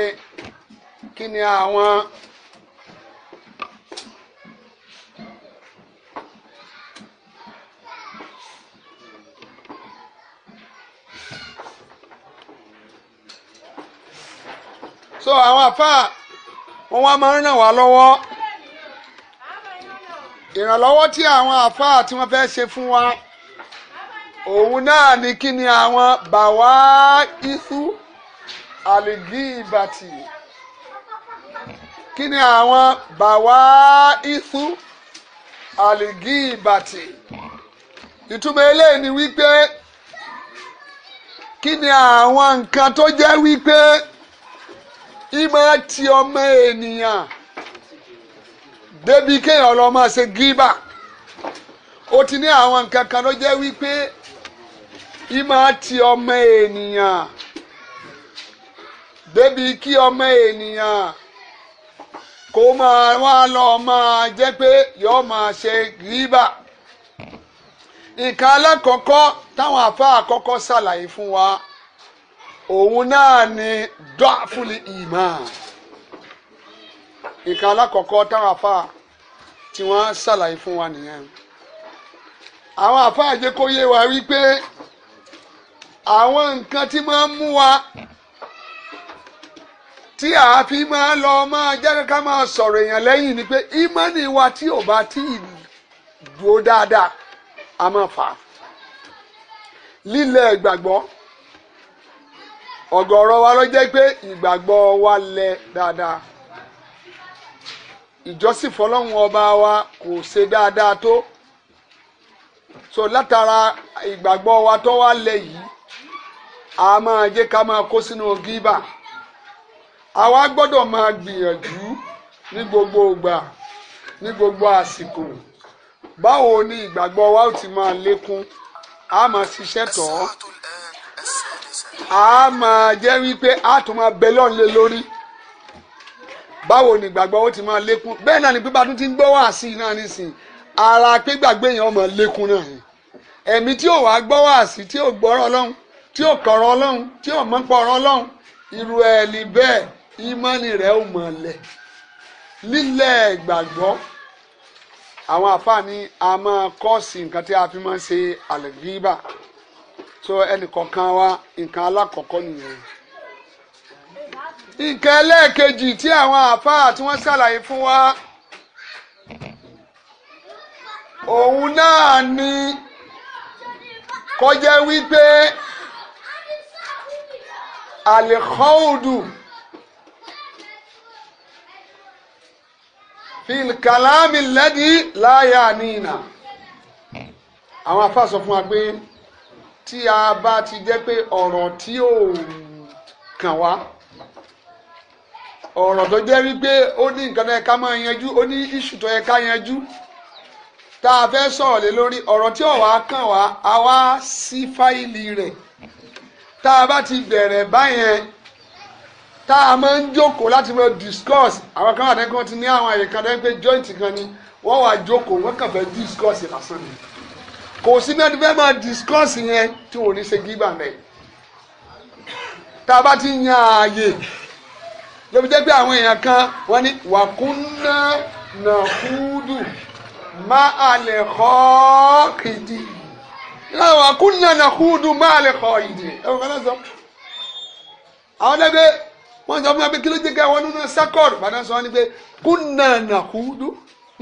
kí àwọn so àwọn àfáà wọn wá máa ń ràn wá lọ́wọ́ ìrànlọ́wọ́ tí àwọn àfáà tí wọ́n fẹ́ ṣe fún wa òun náà ni kí ni àwọn bàwá isu àlìgí ìbàtì kí ni àwọn bàwá isu àlìgí ìbàtì ìtumọ̀ eléyìí ni wípé kí ni àwọn nǹkan tó jẹ́ wípé ìmọ̀ ti ọmọ ènìyàn débi kéèyàn lọ máa ṣe gíbà ó ti ní àwọn nǹkan kan ló jẹ́ wípé ìmọ̀ ti ọmọ ènìyàn débi kí ọmọ ènìyàn kó máa wá lọ máa jẹ́ pé yóò máa ṣe gíbà nǹkan alákọ̀ọ́kọ́ táwọn àfa àkọ́kọ́ ṣàlàyé fún wa. òun náà ni dọ́àfúlì ìmán nǹkan alákọ̀ọ́kọ́ táwọn afa tí wọ́n ṣàlàyé fún wa nìyẹn àwọn afa àjẹkóyè wa wípé àwọn nǹkan tí máa ń mú wa tí a fi máa lọ máa jáde ká máa sọ̀rọ̀ èèyàn lẹ́yìn ni pé ìmánì wa tí ò bá tí ì dúró dáadáa a máa fà á lílẹ̀ gbàgbọ́ ọ̀gọ̀rọ̀ wa ló jẹ pé ìgbàgbọ wa lẹ dáadáa ìjọsìn fọlọ́run ọba wa kò ṣe dáadáa tó so látara ìgbàgbọ wa tó wá lẹ yìí a máa jẹ́ ká máa kó sínú gíbà àwa gbọ́dọ̀ máa gbìyànjú ní gbogbo ìgbà ní gbogbo àsìkò báwo ni ìgbàgbọ wa ó ti máa lékún a máa ṣiṣẹ́ tọ́. a máa jẹ́ wípé a tún máa bẹ lọ́run lé lórí báwo ni gbàgbọ́ ó ti máa lékún bẹ́ẹ̀ náà ni pípa tún ti ń gbọ́ wá sí i náà nísìnyí ara pé gbàgbé yẹn ó máa lékún náà ni ẹ̀mí tí ò wá gbọ́ wá sí tí ò gbọ́rọ̀ ọlọ́run tí ò kọ̀rọ̀ ọlọ́run tí ò mọ́pọ̀ ọ̀rọ̀ ọlọ́run irú ẹ̀ ní bẹ́ẹ̀ ìmọ̀ni rẹ̀ ò mọ̀ lẹ̀ lílẹ̀ gbàgbọ́ àwọn àfáà a máa kọ́ sí nǹkan tí a fi máa ń ṣe àlẹ́gbíbà so ẹnìkọ̀ọ̀kan wa nǹkan alákọ̀ọ́kọ́ nìyẹn nǹkan ẹlẹ́ẹ̀kejì tí àwọn àáfàá tí wọ́n ṣàlàyé fún wa òun náà ni kọjá wípé fil fìlkàlámì lẹ́dí láyà nìyína àwọn afáàsọ fún wa pé tí a bá ti jẹ́ pé ọ̀rọ̀ tí ò kàn wá ọ̀rọ̀ tó jẹ́ wípé ó ní nǹkan tó yẹ ká máa yanjú ó ní iṣu tó yẹ ká yanjú tá a fẹ́ sọ̀rọ̀ lé lórí ọ̀rọ̀ tí ò wá kàn wá a wá sí fáìlì rẹ̀ tá a bá ti bẹ̀rẹ̀ báyẹn tá a máa ń jókòó láti máa discuss àwọn kan àtẹ́kùn ti ní àwọn àyè kan tó yẹ pé joint kan ni wọ́n wá jókòó wọ́n kàn fẹ́ discuss lásán ni kò sí bí wọ́n ti fẹ́ máa discuss yẹn tí wọ́n ní ṣe gíbà mẹ́ tá a bá ti yan ààyè lóbi jẹ́ pé àwọn èèyàn kan wọ́n ní wàkúnná nàkúdù má a lè kọ́ kìdí wàkúnná nàkúdù má a lè kọ́ ìdí ẹ wọ́n fẹ́ sọ. àwọn dẹ́gbẹ́ wọ́n sọ fún wa pé kí ló jẹ́ kí àwọn nínú sákọ̀rù bàdá sọ wọ́n ní pé kúnná nàkúdù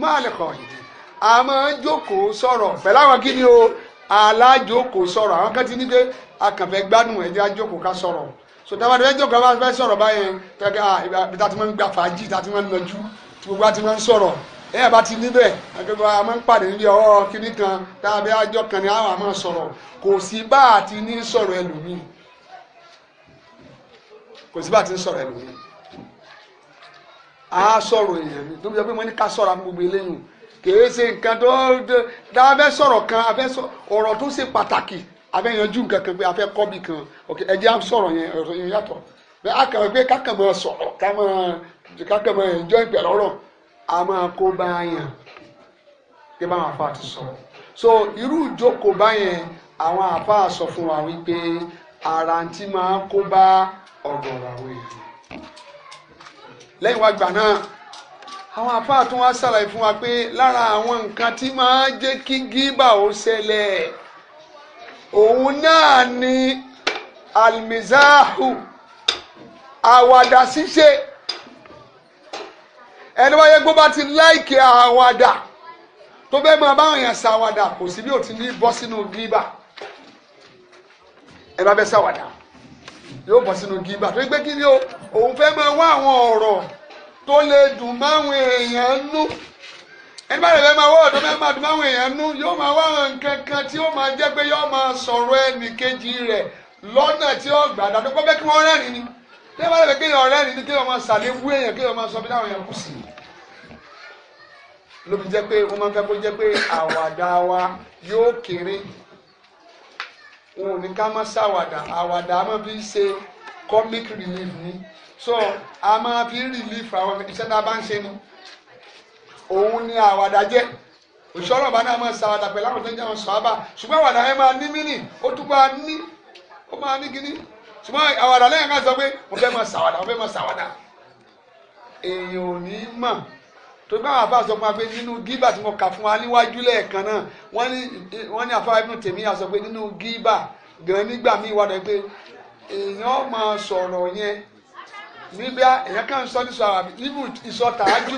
má a lè kọ́ ìdí a máa ń jókòó sọ̀rọ̀ pẹ̀lú àwọn kí ni o alájókòó sọ̀rọ̀ àwọn kan ti ní pé a gbádùn ẹ̀jẹ̀ ajókòó ká sọ̀rọ̀ so táwọn àdéhùn jókòó bá fẹ́ sọ̀rọ̀ báyẹn tẹ́lẹ̀ ah ibi tá ti máa ń gba fàájì tá ti máa ń nàjú tí gbogbo àti máa ń sọ̀rọ̀ ẹ̀yà bá ti níbẹ̀ akẹ́kọ̀ọ́ a máa ń pàdé níbi ọ̀rọ̀ kíní kan tàbí àjọ kan ní àwọn àmọ́ sọ̀rọ̀ kò sí bá a ti ní sọ̀rọ̀ ẹlòmíì kò sí bá a ti ní sọ̀rọ̀ ẹlòmíì a sọ̀rọ̀ èèyàn mi tó bí wọ́n ní ká sọ̀rọ̀ àwọn gbogbo eléyìí kìí ṣe nǹkan tó dá abẹ́ sọ̀rọ̀ kan abẹ́ ọ̀rọ̀ tó ṣe pàtàkì abẹ́ yanjú nǹkan kan pé abẹ́ kọ́bì kan ok jẹ́ à ń sọ̀rọ̀ yẹn ọ̀rọ̀ yẹn yàtọ̀ bẹ́ẹ̀ akàwé pé kákan máa sọ̀rọ̀ kákan máa ẹ̀jọ́ ìpẹ̀lẹ̀ ọ̀rọ̀ a máa kó bá yàn kí bá wọn àfa àti sọ̀rọ̀ so irú ìjókòó báyẹn àwọn àfa sọ fún wa wípé ara ti máa kó bá ọ̀gọ̀ọ̀rọ̀ àwọn èèyàn lẹ́yìn wá gbà náà àwọn àfáà tún wá ṣàlàyé fún wa pé lára àwọn nǹkan tí máa jẹ́ kí gíbà ó ṣẹlẹ̀ òun náà ni almizahu àwàdà ṣíṣe ẹni wáyé gbọ́ bá ti láìkè àwàdà tó bẹ́ẹ̀ máa báwọn èèyàn ṣàwàdà kò sí bí ò ti ní bọ́ sínú gíbà ẹ bá fẹ́ ṣàwàdà yóò bọ́ sínú gíbà tó gbé kí ni o òun fẹ́ máa wá àwọn ọ̀rọ̀ tó lè dùn máwọn èèyàn nú ẹni bá lè fẹ́ máa wá ọ̀dọ́ mẹ́rin máa dùn èèyàn nú yóò máa wá àwọn nǹkan kan tí ó máa jẹ́ pé yóò máa sọ̀rọ̀ ẹnì kejì rẹ̀ lọ́nà tí ó gbà dàdó pé bẹ́ẹ̀ kí wọ́n rẹ́rìn ni tí wọ́n bá lè rẹ́rìn ni kéèyàn máa èèyàn sọ bí èèyàn kù sí i jẹ́ pé wọ́n máa fẹ́ kó jẹ́ pé àwàdà so a máa fi ń relief àwọn iṣẹ́ tá a bá ń ṣe ni òun ni àwàdà jẹ́ òṣìṣọ́rọ̀ bá náà máa ṣàwàdà pẹ̀lú àwọn tó ń jẹ́ àwọn sọ̀ábà ṣùgbọ́n àwàdà yẹn máa ní mínì ó tún máa ní ó máa ní gíní ṣùgbọ́n àwàdà lẹ́yìn ká sọ pé mo fẹ́ máa ṣàwàdà mo fẹ́ máa ṣàwàdà èèyàn ò ní mọ̀ tó bá àwọn àfa sọ fún wa pé nínú gíbà tí mo kà fún wa níwájú lẹ́ẹ̀kan náà wọ́n ní wọ́n ní àfa ibùn tèmi yà sọ pé nínú gíbà gan nígbà míì wà lọ pé èèyàn máa sọ̀rọ̀ yẹn níbi èyàn kàn sọ ní sọ ara mi níbi ìsọ tààjú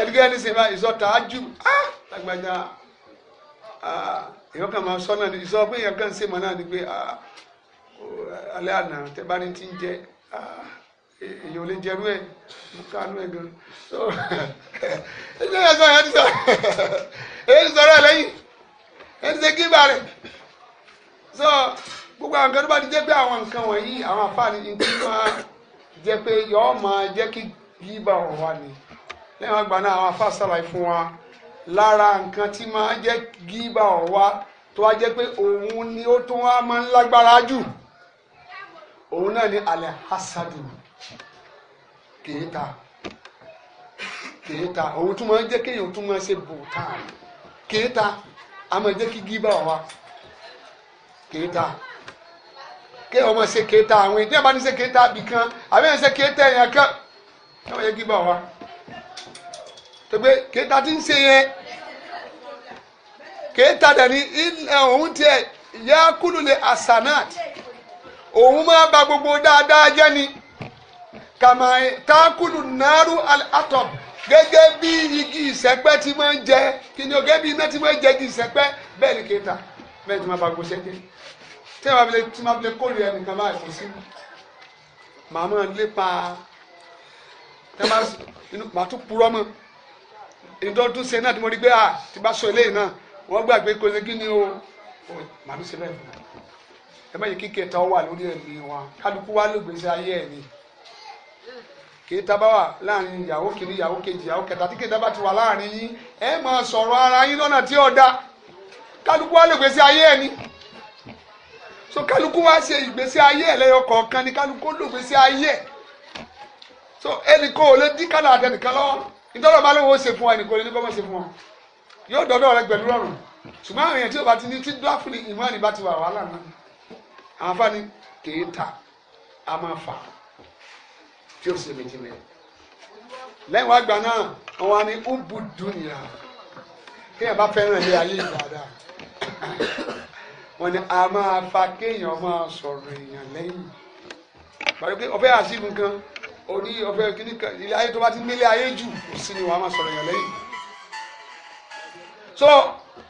ẹdígẹ́ ní sinmi ìsọ tààjú ah lágbàjá ah èyàn kàn máa sọ náà ní ìsọ pé èyàn kàn sí ìmọ̀ náà ni pé ah alẹ́ àná tẹ́ bá ní ti ń jẹ ah èyàn ò lè jẹrú ẹ mo kánú ẹ gan so ẹjọ́ yẹn sọ yẹn ti sọ èyàn ti sọ̀rọ̀ ẹ lẹ́yìn ẹ ti ṣe kí bàrẹ̀ so gbogbo àwọn nǹkan tó bá ti jẹ́ pé àwọn nǹkan wọ̀nyí àwọn àfáàní ní kí máa jẹ́ pé yọ́ọ́ máa jẹ́ kí gíba ọ̀rọ̀ wa ni lẹ́yìn àgbà náà àwọn àfáà ṣàlàyé fún wa lára nǹkan tí máa jẹ́ gíba ọ̀rọ̀ wa tó wá jẹ́ pé òun ni ó tún wá máa ń lágbára jù òun náà ni alẹ́ hasadu kèéta kèéta òun tún máa ń jẹ́ kéèyàn tún máa ṣe bùtàn kèéta a máa jẹ́ kí gíba ọ̀rọ̀ wa kèéta kí ọmọ ṣe kéta ni èdè bá ní ṣe kéta bì kan àbí ẹ̀ ṣe kéta ẹ̀yàn kan ẹ̀ wọ́n yẹ kí bọ̀ wá tó pé kéta ti ń ṣe yẹn kéta dẹ̀ni òun tiẹ̀ yá kúlù lè asanat òun máa ba gbogbo dáadáa jẹ́ ni kàmá tákùlù nàárù àtọ̀m gẹ́gẹ́ bí igi ìsẹ́pẹ́ ti máa ń jẹ kìnìún gẹ́gẹ́ bí iná ti máa ń jẹ igi ìsẹ́pẹ́ bẹ́ẹ̀ ni kéta bẹ́ẹ̀ ti máa ba gbogbo ṣẹ́jẹ́ tí wàá fi lè tí máa fi lè kórìíra nìkan báyìí kò sí màmá lépa tẹ́lá inú màá tún purọ́ mọ́ ìdọ́dún ṣe náà tí mo rí pé à ah, ti bá sọ eléyìí náà wọ́n gbàgbé kò ṣe kí ni o màá tún ṣe bẹ́ẹ̀ fún mi ẹ má yẹ kí kẹta wà lórí ẹ̀mí wa kálukú wa ló gbèsè ayé ẹ̀ ni kì í tábà wà láàrin ìyàwó kìíní ìyàwó kejì ìyàwó kẹta tí kìí tábà ti wà láàrin yín ẹ máa sọ̀rọ̀ ara yín lọ́nà tí ó kálukú wa ló gbèsè ayé ẹ̀ ni so kálukú wá ṣe ìgbésí ayé ẹlẹ́yọ kọ̀ọ̀kan ni kálukú lò ìgbésí ayé so ẹnìkan ò lè dín kánà àtẹnìkan lọ́wọ́ ìdọ́rọ̀ bá lówó ṣe fún ọ ẹnìkan ò lè ní kọ́mọ́ ṣe fún ọ yóò dọ́dọ̀ rẹ pẹ̀lú rọrùn ṣùgbọ́n àwọn èèyàn tí ó bá ti ní tí dúráfù ni ìmọ̀ ẹni bá ti wà wàhálà náà àwọn afáàní kèé ta a máa fà tí ó ṣe méjì mẹ́rin lẹ́yìn wá gbà náà wọ́n wá ní ubu dunia kéèyàn bá fẹ́ràn ilé ayé dáadáa wọ́n ní a máa fa kéèyàn máa sọ̀rọ̀ èèyàn lẹ́yìn pàdé pé ọ̀fẹ́ àṣìbù kan orí ọ̀fẹ́ kìíní kan ilé ayé tó bá ti nílé ayé jù sí ni wàá máa sọ̀rọ̀ èèyàn lẹ́yìn. so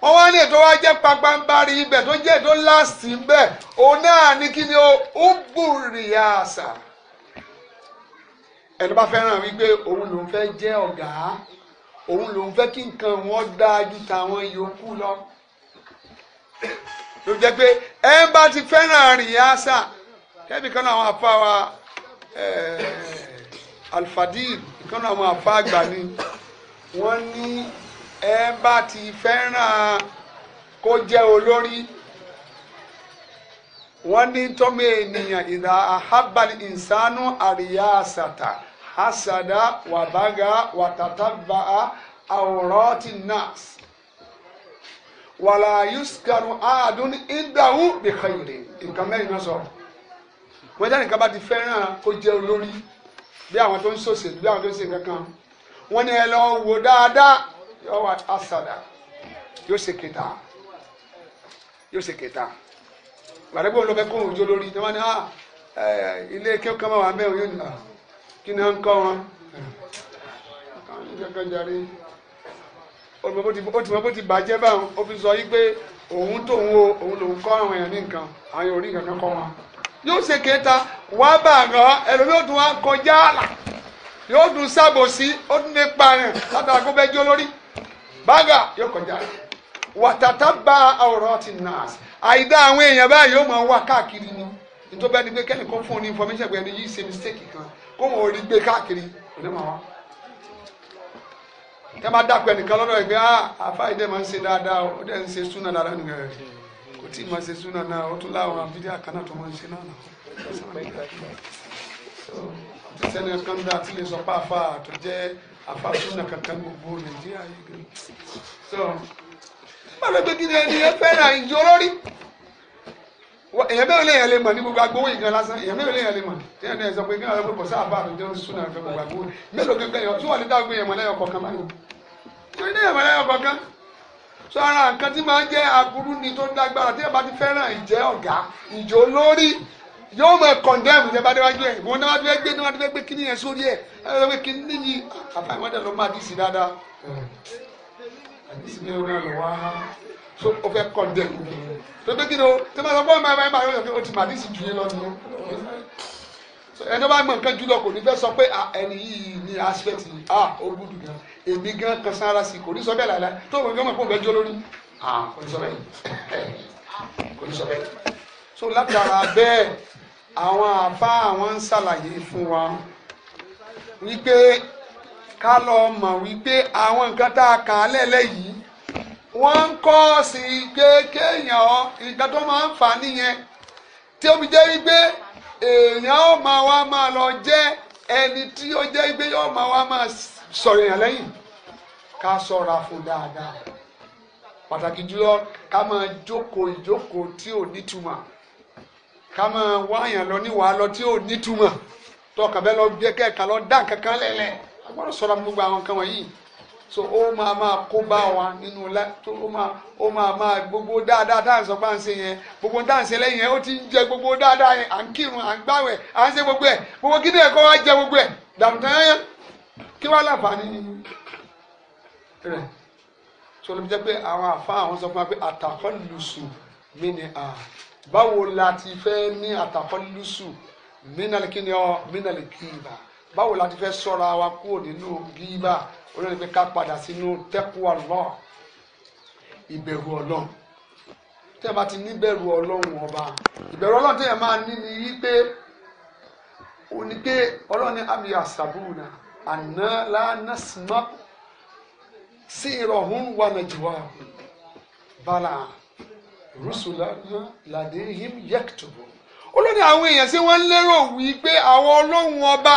wọ́n wá ní ètò wa jẹ́ pàpàǹbarì ibẹ̀ tó jẹ́ ètò láàsì ńbẹ̀ òun náà ní kí ni ó ń bùrì àṣà ẹni bá fẹ́ràn wípé òun lòún fẹ́ jẹ́ ọ̀gá òun lòún fẹ́ kí nǹkan wọn dáa ju tàwọn yòókù lọ ló jẹ́ pé ẹ bá ti fẹ́ràn rìhásà kẹ́bí kan náà àwọn àfa wa alfadil kan náà àwọn àfa àgbà ni wọ́n ní ẹ bá ti fẹ́ràn kó jẹ́ olórí wọ́n ní tọ́mọ ènìyàn ìdá àhábàlì ìsánú àríyáṣàtà hasada wàbága wàtàtàbà àwòrán ti nas wàlà yuskanu aadun indahu bi khayrin nǹkan mẹ́rin náà sọ wọ́n jẹ́ nǹkan bá ti fẹ́ràn kó jẹ́ olórí bí àwọn tó ń ṣòṣèlú bí àwọn tó ń ṣe nǹkan kan wọ́n ní ẹ lọ wò dáadáa yóò wá asàdà yóò ṣe kẹta yóò ṣe kẹta gbàdégbò ló fẹ́ kó òun jó lórí ni wọ́n ní ah, eh, ilé kí wọ́n kàn máa wà mẹ́rin yóò nà ah, kí ni wọ́n ń kọ́ wọn ó ti mọ bó ti bàjẹ́ báwọn ó fi sọ yí pé òun tóun o òun lòun kọ́ àwọn èèyàn ní nǹkan àwọn èèyàn ò rí nǹkan kan kọ́ wọn yóò ṣe kéta wàá bà rán ẹlòmíràn tó wá kọjá àlà yóò dùn sábòsí ó dún lè parẹ látara kó bẹ́ẹ̀ lórí bága yóò kọjá wàtàtà bá àwòrán ti nà àìdá àwọn èèyàn báyìí yóò máa wà káàkiri ni nítorí bẹ́ẹ̀ ni pé kẹ́nìkan fún un ní information pé ẹni yìí ṣe mistake kan kó wọn ò rí gbé káàkiri ọ̀dẹ́mọ̀ wa kẹ́ bá dàpọ̀ ẹnìkan lọ́dọ̀ ẹgbẹ́ àfa ìdẹ́ máa ń ṣe dáadáa ó dẹ́ ń ṣe súnà dáadáa nìkan rẹ̀ eh, kò tí ì máa ṣe súnà náà ó tún láwọn àbídí àkànnà tó máa ń ṣe náà náà sẹ́ni kan dá àti lè sọ pé àfa tó jẹ́ àfa súnà kankan gbogbo Nàìjíríà yìí gbé so. bá a lọ gbé kí ni ẹni ẹ fẹ́ràn ìjọ lórí èyàn bẹ́ẹ̀ lẹ́yìn lè mọ̀ ní gbogbo agbowó yìí gan lásán èyàn bẹ́ẹ̀ lẹ́yìn lè mọ̀ tí yẹn sọ pé kí wọ́n kọ́ sáà bá àbẹ̀jọ́ súnà fẹ́ gbogbo agbowó mélòó kankan yẹn tí wọ́n lè dá gbé yẹn mọ̀ lẹ́yìn ọkọ̀ kan báyìí wọ́n lè mọ̀ lẹ́yìn ọkọ̀ kan sọ ara nǹkan tí máa ń jẹ́ aburú ni tó dágbára tí yẹn bá ti fẹ́ràn ìjẹ́ ọ̀gá ìjọ lórí yóò mọ̀ kọ̀ndẹ́mù tẹ́ bá dé wájú ẹ̀ wọ́n náà wájú ẹ gbé náà wájú ẹ gbé kíní yẹn sórí ẹ̀ ẹ lọ pé kíní yìí àbáyé wọ́n dẹ̀ ló máa dì sí dáadáa. àdìsí ni ó náà lọ wá so o fẹ́ condemn mi tó pé kí ni o tó bá sọ fún ọmọ ẹ máa yọ ọ ti màdí sí ju yín lọ nù ẹni tó bá mọ nǹkan jùlọ kò ní fẹ́ sọ pé ẹni yìí ní aspect yìí ah ó gbúdù gan èmi gan kan sára sí kò ní sọ bẹ́ẹ̀ láìláì tó wọn gan mọ̀ fún ìgbẹ́jọ́ lórí ah kò ní sọ bẹ́ẹ̀ kò ní sọ bẹ́ẹ̀ so látara bẹ́ẹ̀ àwọn àbá àwọn ń ṣàlàyé fún wa wípé ká lọ mọ̀ wípé àwọn nǹkan tá a kà wọ́n ń kọ́ sí gbé kéèyàn ọ́ ìgbà tó máa ń fà nìyẹn tí ó fi jẹ́ wípé èèyàn ó máa wá máa lọ jẹ́ ẹni tí ó jẹ́ wípé yóò máa wá máa sọ̀rọ̀ èèyàn lẹ́yìn ká sọ̀ra fún dáadáa pàtàkì jùlọ ká máa jókòó ìjókòó tí ò nítumọ̀ ká máa wáyàn lọ níwàá lọ tí ò nítumọ̀ tọkàn bẹ́ẹ̀ lọ jẹ́ kẹ́ẹ̀ka lọ dá kankan lẹ́lẹ̀ agbọ́dọ̀ sọ̀ra gbogbo àwọn kan wọ̀nyí so ó máa máa kó bá wa nínú tó ó máa ó máa máa gbogbo dáadáa tá à ń sọ pé à ń ṣe yẹn gbogbo tá à ń ṣe lẹ́yìn yẹn ó ti ń jẹ gbogbo dáadáa yẹn à ń kírun à ń gbàwẹ̀ à ń ṣe gbogbo ẹ̀ gbogbo kí ni ẹ̀kọ́ wa jẹ gbogbo ẹ̀ dàmùtàn yẹn kí wàá láǹfààní rẹ̀ so ló jẹ́ pé àwọn àfa àwọn sọ fún wa pé àtàkọ́ lùsù mí ni à báwo la ti fẹ́ ní àtàkọ́ lùsù mí nàlẹ́ kí ni ọ mí nàlẹ́ kí ni bàá. báwo la ti fẹ́ sọ́ra wa kúrò nínú gíbà olórí ká padà sínú tẹ́kù ọlọ́ọ̀ ìbẹ̀rù ọlọ́ọ̀ ẹ bá ti níbẹ̀rù ọlọ́run ọba ìbẹ̀rù ọlọ́run tẹ́ ẹ máa ní ni yí pé òní pé ọlọ́run àmì àṣàbùnà àná sí ìrọ̀hún wà nàìjíríà olórí àwọn èèyàn wọ́n lérò wí pé àwọn ọlọ́run ọba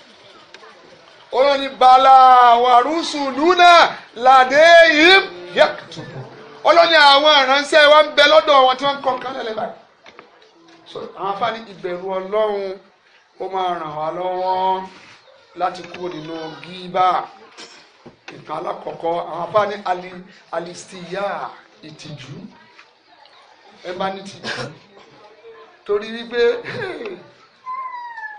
ọ̀rọ̀ ni bala wàrúsù lúnà làdé yìí yàtù ọlọ́ni àwọn ìránṣẹ́ wa ń bẹ lọ́dọ̀ wọn tí wọ́n ń kọ́ kálẹ̀ lẹ́bàá àwọn afáàní ìbẹ̀rù ọlọ́run ó máa ràn wá lọ́wọ́ láti kúrò nínú gíbà ìtàn alákọ̀ọ́kọ́ àwọn afáàní alistiya ìtìjú ẹ bá ní tìjú torí wípé.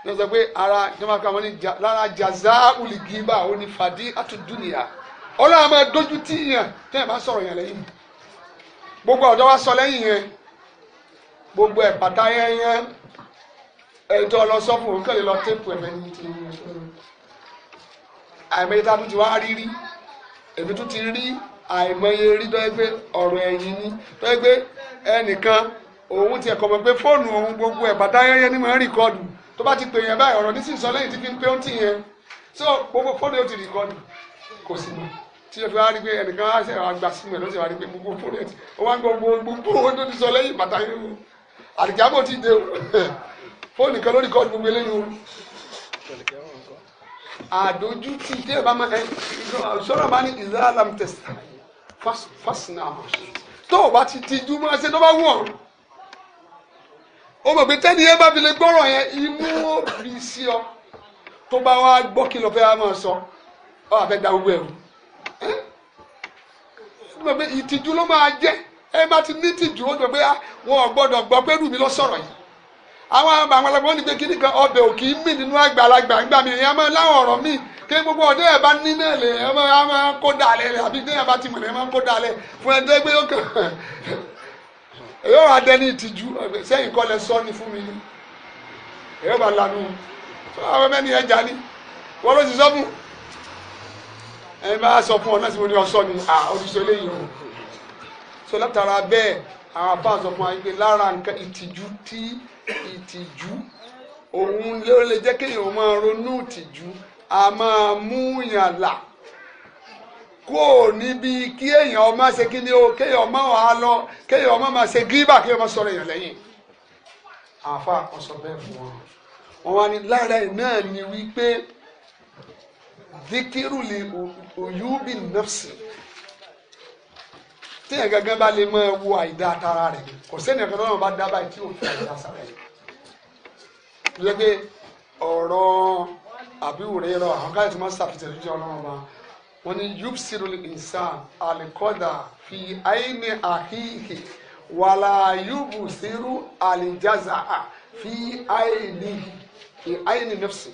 ní wọ́n sọ pé ara ìjọba kan wọ́n ní lára jaza olùgbìmọ̀ àwọn ní fàdí àtúndúnìyà ọlọ́run máa dojú tí yàn tẹ́yìn bá sọ̀rọ̀ yàn lẹ́yìn gbogbo ọ̀dọ́ wa sọ lẹ́yìn yẹn gbogbo ẹ̀ bàtà yẹn yẹn ẹni tó lọ sọ fún òun kẹ́lẹ́ lọ tẹ́pù ẹ̀ lẹ́yìn tí àìmọye tá a tún ti wá rí rí èmi tún ti rí àìmọye rí tó yẹ pé ọ̀rọ̀ ẹ̀yìn ni tó yẹ pé ẹnìkan òun tiẹ̀ kọ̀ mọ̀ pé fóònù òun gbogbo ẹ̀ bàtà yẹn yẹn ni mò ń rìkọ́dù tó bá ti pè yẹn báyìí ọ̀rọ̀ nísìnyí sọ lẹ́yìn tí fi ń pé ó ń tì yẹn so gbogbo fóònù yóò ti rìn kọ́ni kò sí mọ́ tí o fi wá rí pé ẹnìkan á ṣe àgbà sí mi lọ́sẹ̀ wá rí pé gbogbo fóònù yẹn ó wá ń gbogbo gbogbo owó tó ti sọ lẹ́yìn bàtà yìí o àdìjábò ti dé o fóònù kan lórí kọ́ni gbogbo eléyìí o àdójútì tí ẹ bá máa ẹ sọ̀rọ̀ bá ní ìzáàlám tẹ̀sán fásitì náà tó o bá ti tijú mọ́ ẹsẹ̀ ó mọ̀ pé tẹ́ni yẹn bá fi lè gbọ́rọ̀ yẹn imú ó fi sí ọ tó bá wá gbọ́ kí lọ fẹ́ wá máa sọ ọ àfẹ́ da gbogbo ẹ̀rù mọ̀ pé ìtìjú ló máa jẹ́ ẹ bá ti ní tìjú ó sọ pé ah, wọn ò gbọ́dọ̀ gbọ́ pé rúmi lọ sọ̀rọ̀ yìí àwọn àwọn alágbọ̀n ní pé kíní kan ọbẹ̀ ò kì í mì nínú àgbàlagbà ńgbà mi ìyá máa láwọn ọ̀rọ̀ míì kí gbogbo ọ̀dọ́ ẹ̀ bá ní náà lè ẹ máa kó dalẹ̀ rẹ̀ àbí kí ẹ bá ti mọ̀ ẹ máa kó dalẹ̀ fún ẹ dẹ́gbẹ́ yóò èyí ọ̀rọ̀ adé ní ìtìjú sẹ́yìn kọ́ lẹ sọ ni fún mi ni èyí ọ̀rọ̀ lanu sọ àwọn mẹ́ni ẹ̀ jà ni wọ́n ló ti sọ fún ẹni bá sọ fún ọ náà sì mo ní ọ sọ ni à olùsọ eléyìí o sọ látara bẹ́ẹ̀ àwọn apá sọ fún wa lára nǹkan ìtìjú tí ìtìjú òun ló lè jẹ́ kéèyàn máa ronú ìtìjú a máa mú yàn là kúò níbi kí èèyàn ọmọ ṣe kí ni o kéèyàn ọmọ wàá lọ kéèyàn ọmọ máa ṣe gíbà kéèyàn ọmọ sọ̀rọ̀ èèyàn lẹ́yìn àáfà kan sọ bẹ́ẹ̀ fún wọn wọn wá ní lára ẹ náà ni wípé díkírùlì òyúbì nọfsì téèyàn gangan bá lè máa wo àìdá tara rẹ̀ kò sẹ́ni ẹ̀ka tó náà bá dábàá tí yóò fi àìdá sára rẹ̀ lẹ́gbẹ́ ọ̀rọ̀ àbí Hurairah àwọn káyọ̀ tí wọ́n ṣàfihàn ìjọ ọlọ́run máa wọ́n ní yubsiru insan alikọ́dà fi àyìnì àhíhì wàlà yubsiru alijaza fi àyìnì fi àyìnì nafsi.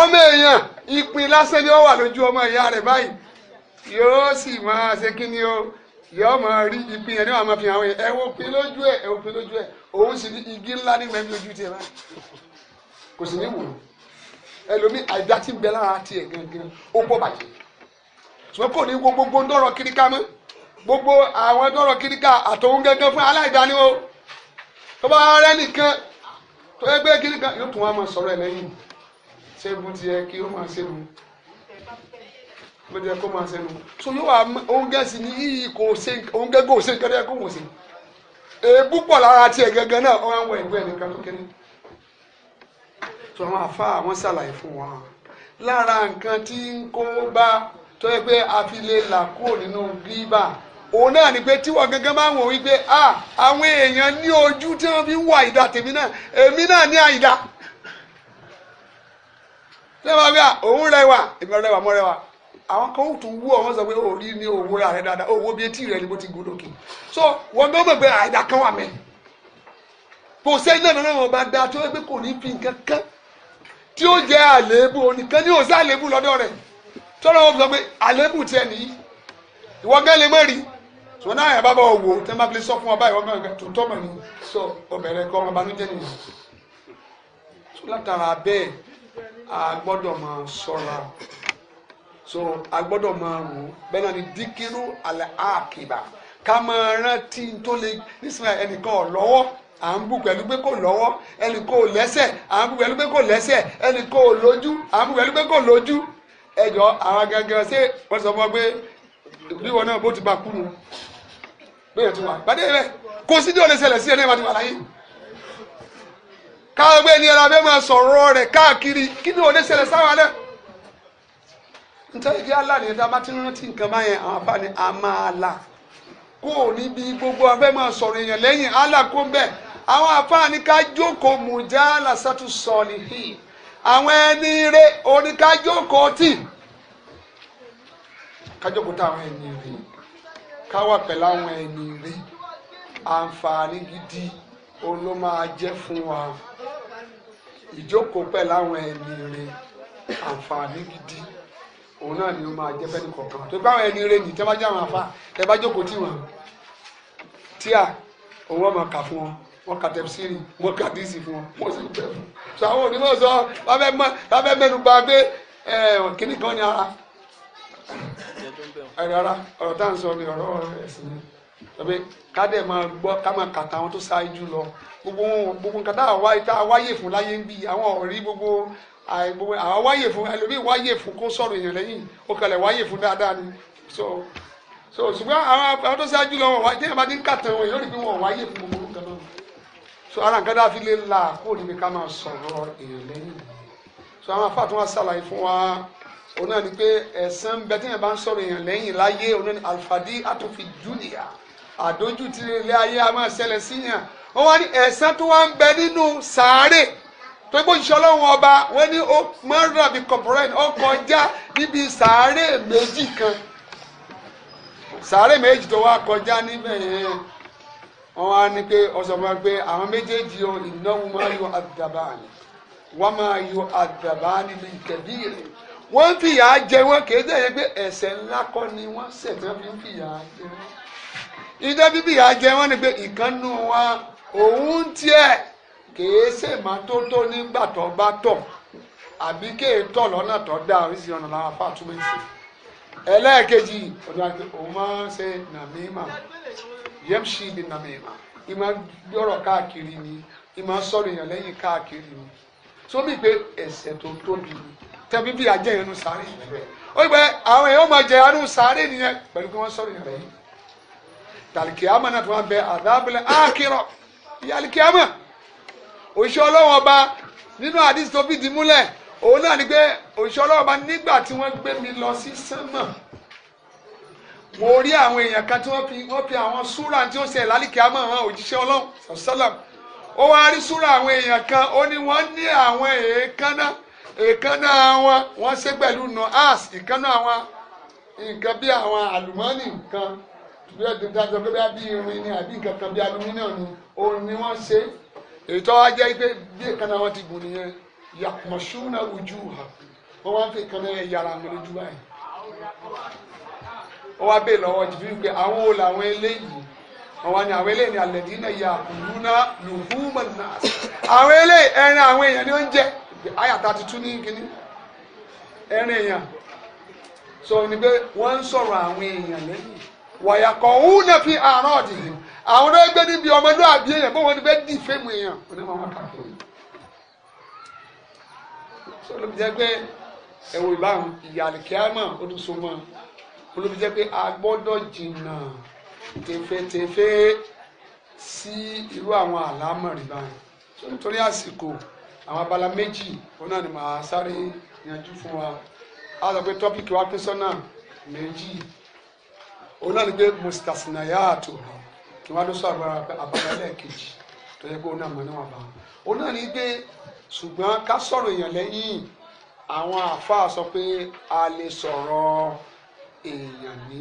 ọmọ èèyàn ìpín lásán ni ó wà lójú ọmọ ìyá rẹ̀ báyìí yóò sì máa ṣe kí ni o yóò máa rí ìpín yẹn ní wàá máa fi àwọn ẹ wo pin lójú ẹ ẹ wo pin lójú ẹ òun sì ní igi ńlá nígbà ẹbí ojú tiẹ̀ báyìí kò sì ní wò ó ẹlòmí àìdá tí ń bẹ lára tiẹ̀ gangan ó pọ̀ bàjẹ́ ṣùgbọ́n kò ní gbogbo ń dọ̀rọ̀ kiri ká gbogbo àwọn dọ̀rọ̀ kiri ká gangan fún aláìdáni o tó bá rẹ́ nìkan tó yẹ gbé kiri ká yóò tún wá máa sọ̀rọ̀ ẹ̀ lẹ́yìn ṣé ibu ti yẹ kí ó máa ṣe nu ló jẹ kó máa ṣe nu tó yóò wá òun gẹ̀ẹ́sì ní iyì kò ṣe òun gẹ́gẹ́ kò ṣe nǹkan tó yẹ kó wò ṣe èébú pọ̀ lára tiẹ̀ gangan náà ó máa ń wọ ìwé ẹ̀ nìkan tó kéré sọ àwọn àfáà wọ́n ṣàlàyé fún wa lára nǹkan tí ń kó bá tó yẹ pé a fi lè là kúrò nínú gíbà òun náà ni pé tíwọ gangan máa ń wípé ah àwọn èèyàn ní ojú tí wọ́n fi ń wà ìdá tèmi náà èmi náà ní àìdá ṣé wàá gbà òun rẹwà èmi rẹwà mo rẹwà àwọn kan ò tún wú ọ wọ́n sọ pé òórí ni òwúrọ̀ rẹ dáadáa òwò bíi etí rẹ ni mo ti gùn lókè so wọ́n gbọ́ mọ̀ pé àìdá kan wà mí kò sẹ́yìn náà náà wọ́n bá dá tó yẹ pé kò ní fi nǹkan kan tí ó jẹ́ àléébù onìkan ní òsì àléébù lọ́dọ̀ rẹ̀ tọ́lọ́ wọn sọ pé àléébù tiẹ̀ nìyí ìwọ gán lè mẹ́rin sọ náà yàrá bàbá wò tẹ́ máa fi sọ fún ọba ìwọ gán tó tọ́ ní sọ ọbẹ̀rẹ̀ kọ́ ọmọ banújẹ́ nìyí sọ látara bẹ́ẹ̀ a máa ṣọ́ra so a gbọ́dọ̀ máa rò bẹ́ẹ̀ náà ni díkírú àlẹ́ àkìbà ká máa rántí tó lè nísìnyí ẹnìkan ọ̀ à ń bú pẹ̀lú pé kò lọ́wọ́ ẹnì kò lẹ́sẹ̀ à ń pẹ̀lú pé kò lẹ́sẹ̀ ẹnì kò lójú à ń bú pẹ̀lú pé kò lójú ẹjọ́ ṣé wọ́n sọ fún ọ pé náà bó ti bá kú bẹ́ẹ̀ wà gbadé rẹ̀ kò sí díò lè ṣẹlẹ̀ sí ẹni wà láyé káwọn gbé ní máa sọ̀rọ̀ rẹ̀ káàkiri ni ṣẹlẹ̀ sáwọn alẹ́ nítorí kí bá ti rántí nǹkan àwọn àfáàní ká jókòó mùjá làṣàtú sọ̀lì hì àwọn ẹni rẹ orí ká jókòó tì ká jókòó tà àwọn ẹni rẹ ká wà pẹ̀lú àwọn ẹni rẹ àǹfààní gidi òun ló máa jẹ́ fún wa ìjókòó pẹ̀lú àwọn ẹni rẹ àǹfààní gidi òun náà ni ó máa jẹ́ fẹ́ni kọ̀ọ̀kan tó báwọn ẹni rẹ nìyí tẹ́ bá jẹ́ àwọn afá tẹ́ bá jókòó tì wọ́n tíà òun ọmọ kà fún wọn wọ́n ka tẹ̀síìrì wọ́n ka díìsì fún wọn wọ́n sì bẹ̀ fún so àwọn onímọ̀ sọ lábẹ́ mẹ́nu gba pé kíní kan ní ara ẹ̀rọ ara ọ̀rọ̀ tá à ń sọ ni ọ̀rọ̀ ẹ̀sìn ni tàbí ká dẹ̀ máa gbọ́ ká máa kàtà àwọn tó ṣáájú lọ gbogbo gbogbo nǹkan tá a wáyè fún láyé ń bí àwọn ọ̀rí gbogbo àìgbogbo àwọn wáyè fún ẹlòmíì wáyè fún kó sọ̀rọ̀ èèyàn lẹ́yìn ó kalẹ̀ wáyè fún dáadáa ni so so ṣùgbọ́n àwọn tó ṣáájú lọ wọ́n wáyé fún gbogbo so ara nǹkan dá fi lè la kúrò níbi ká máa sọ̀rọ̀ èèyàn lẹ́yìn so àwọn afá tó wá ṣàlàyé fún wa òun náà ni pé ẹ̀sán bẹ tí yẹn bá ń sọ̀rọ̀ èèyàn lẹ́yìn láyé òun náà ni alifadi atòfin júnìyà àdójú ayé a máa ṣẹlẹ̀ síyàn wọ́n wá ní ẹ̀sán tó wá ń bẹ nínú sàárè tó gbó ìṣọ́ lọ́wọ́ ọba wọ́n ní ó mọ́rọ̀ bí kọ̀pọ̀rẹ́ni ó kọjá níbi sàárè méjì kan sàárè méjì tó wá kọjá níbẹ̀ yẹn wọ́n wá ní pé ọ̀sọ̀mọ́ pé àwọn méjèèjì o ìnáwó máa yọ àdàbàní wọ́n máa yọ àdàbàní ní ìtẹ̀bí rẹ̀ wọ́n fìyà jẹ wọ́n pé ńlá kọ́ ni wọ́n ṣẹ̀ tí fi ń fìyà jẹ wọ́n ìjọ fífìyà jẹ wọ́n ni pé ìkànnù wa òun tiẹ̀ kèé ṣèmọ́tótó nígbà tó bá tọ̀ àbí kéètọ̀ lọ́nà tó dá oríṣi ọ̀nà làwọn ẹlẹ́ẹ̀kejì ọ̀dọ̀ àti òun yẹ́mṣì bí nàmìmà ìmọ̀ yọ̀rọ̀ káàkiri ni ìmọ̀ sọ̀rọ̀ èèyàn lẹ́yìn káàkiri ni sómi pé ẹ̀ṣẹ̀ tó tóbi ni tẹ̀bí bí ajẹ́ yẹn nù sáré ó gbẹ àwọn èèyàn máa jẹ àánú sáré nìyẹn pẹ̀lú kí wọ́n sọ̀rọ̀ èèyàn lẹ́yìn tàlìkì àmà náà tó wọn bẹ àdábìlẹ̀ ákìrọ̀ ìyàlìkì àmà òṣìṣẹ́ ọlọ́wọ́n ọba nínú àdìsí tó fìdí múlẹ̀ òun náà ni pé òṣìṣẹ́ ọlọ́wọ́n ọba nígbà tí wọ́n gbé mi lọ sí sánmà mo rí àwọn èèyàn kan tí wọ́n fi wọ́n fi àwọn súrà tí ó ṣe lálìkí àmọ́ àwọn òjíṣẹ́ ọlọ́run sàlám ó wá rí súrà àwọn èèyàn kan ó ní wọ́n ní àwọn èèkánná èèkánná wọn wọ́n ṣe pẹ̀lú nà áàs ìkánná àwọn nǹkan bí àwọn àlùmọ́ọ́nì nǹkan bí ẹ̀dùn dájọ́ pé bí irin ni àbí nǹkan kan bí alumíníọ̀n ni òun ni wọ́n ṣe ètò ajá pé bí èèkánná wọn ti gùn nìyẹn yàtọ̀ṣúná ojú wa wọ́n wá ń fi ìkànnì ẹ̀yà ara wọn lójú báyìí. ó wá bèè lọ́wọ́ jìbìrì pé àwọn wo làwọn eléyìí wọ́n wá àwọn eléyìí ní alẹ́dínà ya lùnà lùhùmọ̀ àwọn eléyìí ẹran àwọn èèyàn ni ó ń jẹ àyàtà tuntun ní kíní ẹran èèyàn sọ ni pé wọ́n ń sọ̀rọ̀ àwọn èèyàn lẹ́yìn wàyàkọ̀ òun náà fi àárọ̀ ọ̀dì yìí àwọn náà gbé níbi ọmọdé àbí èèyàn bó wọn ni bẹ́ẹ̀ dì fẹ́mu èèyàn onímọ̀ olóbi jẹ́ pé a gbọ́dọ̀ jìnnà tefetefe sí irú àwọn àlámọ̀rí báyìí so nítorí àsìkò àwọn abala méjì òun náà ni màá sáré yanjú fún wa a sọ pé tọ́pìkì wa pín sọ́nà méjì òun náà ni pé mustasinayaato kí wọ́n á lọ sọ agbára abala lẹ́ẹ̀kejì tó yẹ kó òun náà mọ̀ níwọ̀n bá òun náà ni pé ṣùgbọ́n ká sọ̀rọ̀ èèyàn lẹ́yìn àwọn àáfàá sọ pé a lè sọ̀rọ̀ èèyàn ní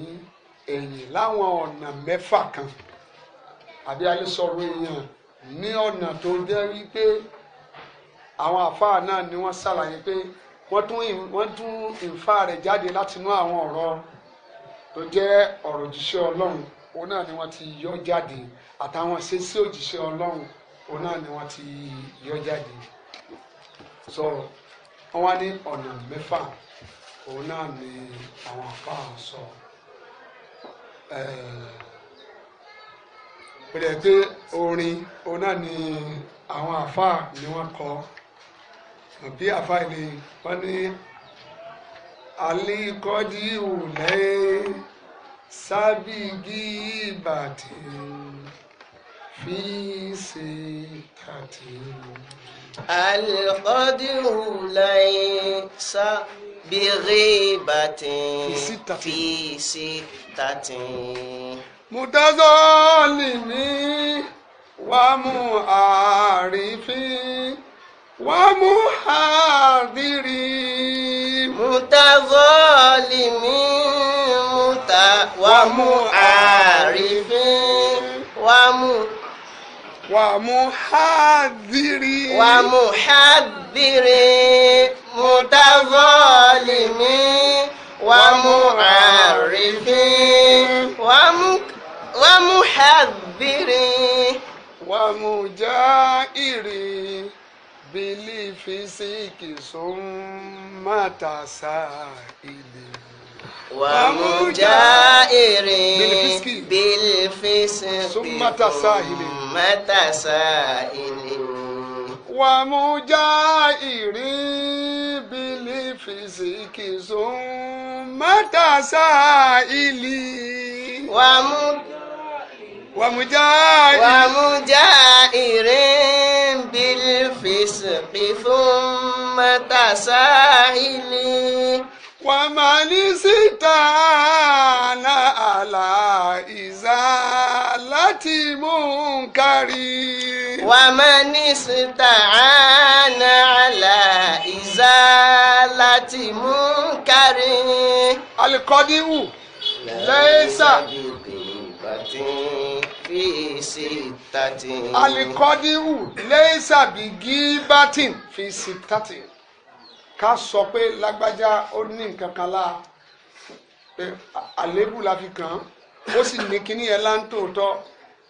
ẹ̀yìn láwọn ọ̀nà mẹ́fà kan àbí a lè sọ̀rọ̀ èèyàn ní ọ̀nà tó jẹ́ wípé àwọn àfáà náà ni wọ́n ṣàlàyé pé wọ́n tún wọ́n tún ìfá rẹ̀ jáde látinú àwọn ọ̀rọ̀ tó jẹ́ ọ̀rọ̀ òjíṣẹ́ ọlọ́run òun náà ni wọ́n ti yọ jáde àtàwọn ṣeṣe òjíṣẹ́ ọlọ́run òun náà ni wọ́n ti yọ jáde so wọ́n wá ní ọ̀nà mẹ́fà òun náà ni àwọn àfa sọ pẹ̀lẹ́ pé orin òun náà ni àwọn àfa ni wọ́n kọ bí àfa ilé wọ́n ní alikọ́dí ìwùlẹ́ sábìgì ìbàdí fi ṣe kàtí. alikọ́dí ìwùlẹ́ sábìgì biribatin fisi tatin. mutazalimi wa mu'arifi wa muhadiri. mutazalimi muta wa mu'arifi wa mu wa muhadiri. wa muhadiri. متظالمين ومعرفين ومحذرين ومجائرين بالفسق ثم تسائلين ومجائرين بالفسق ثم تسائلين ومجائر بالفسق ثم تسائلي ومجائر ومجائر بالفسق ثم تسائلي ومن استعان على إزالة منكرين ومن استعان على إزالة منكر القديم ليس fi sitatin. alikọ́díwù lẹ́sà bí gíbátìn fi sitatin. ká sọ pé lágbájá ó ní nǹkan kan láà pé àlébù la fi kàn án ó sì ní kíní yẹn láǹtòótọ́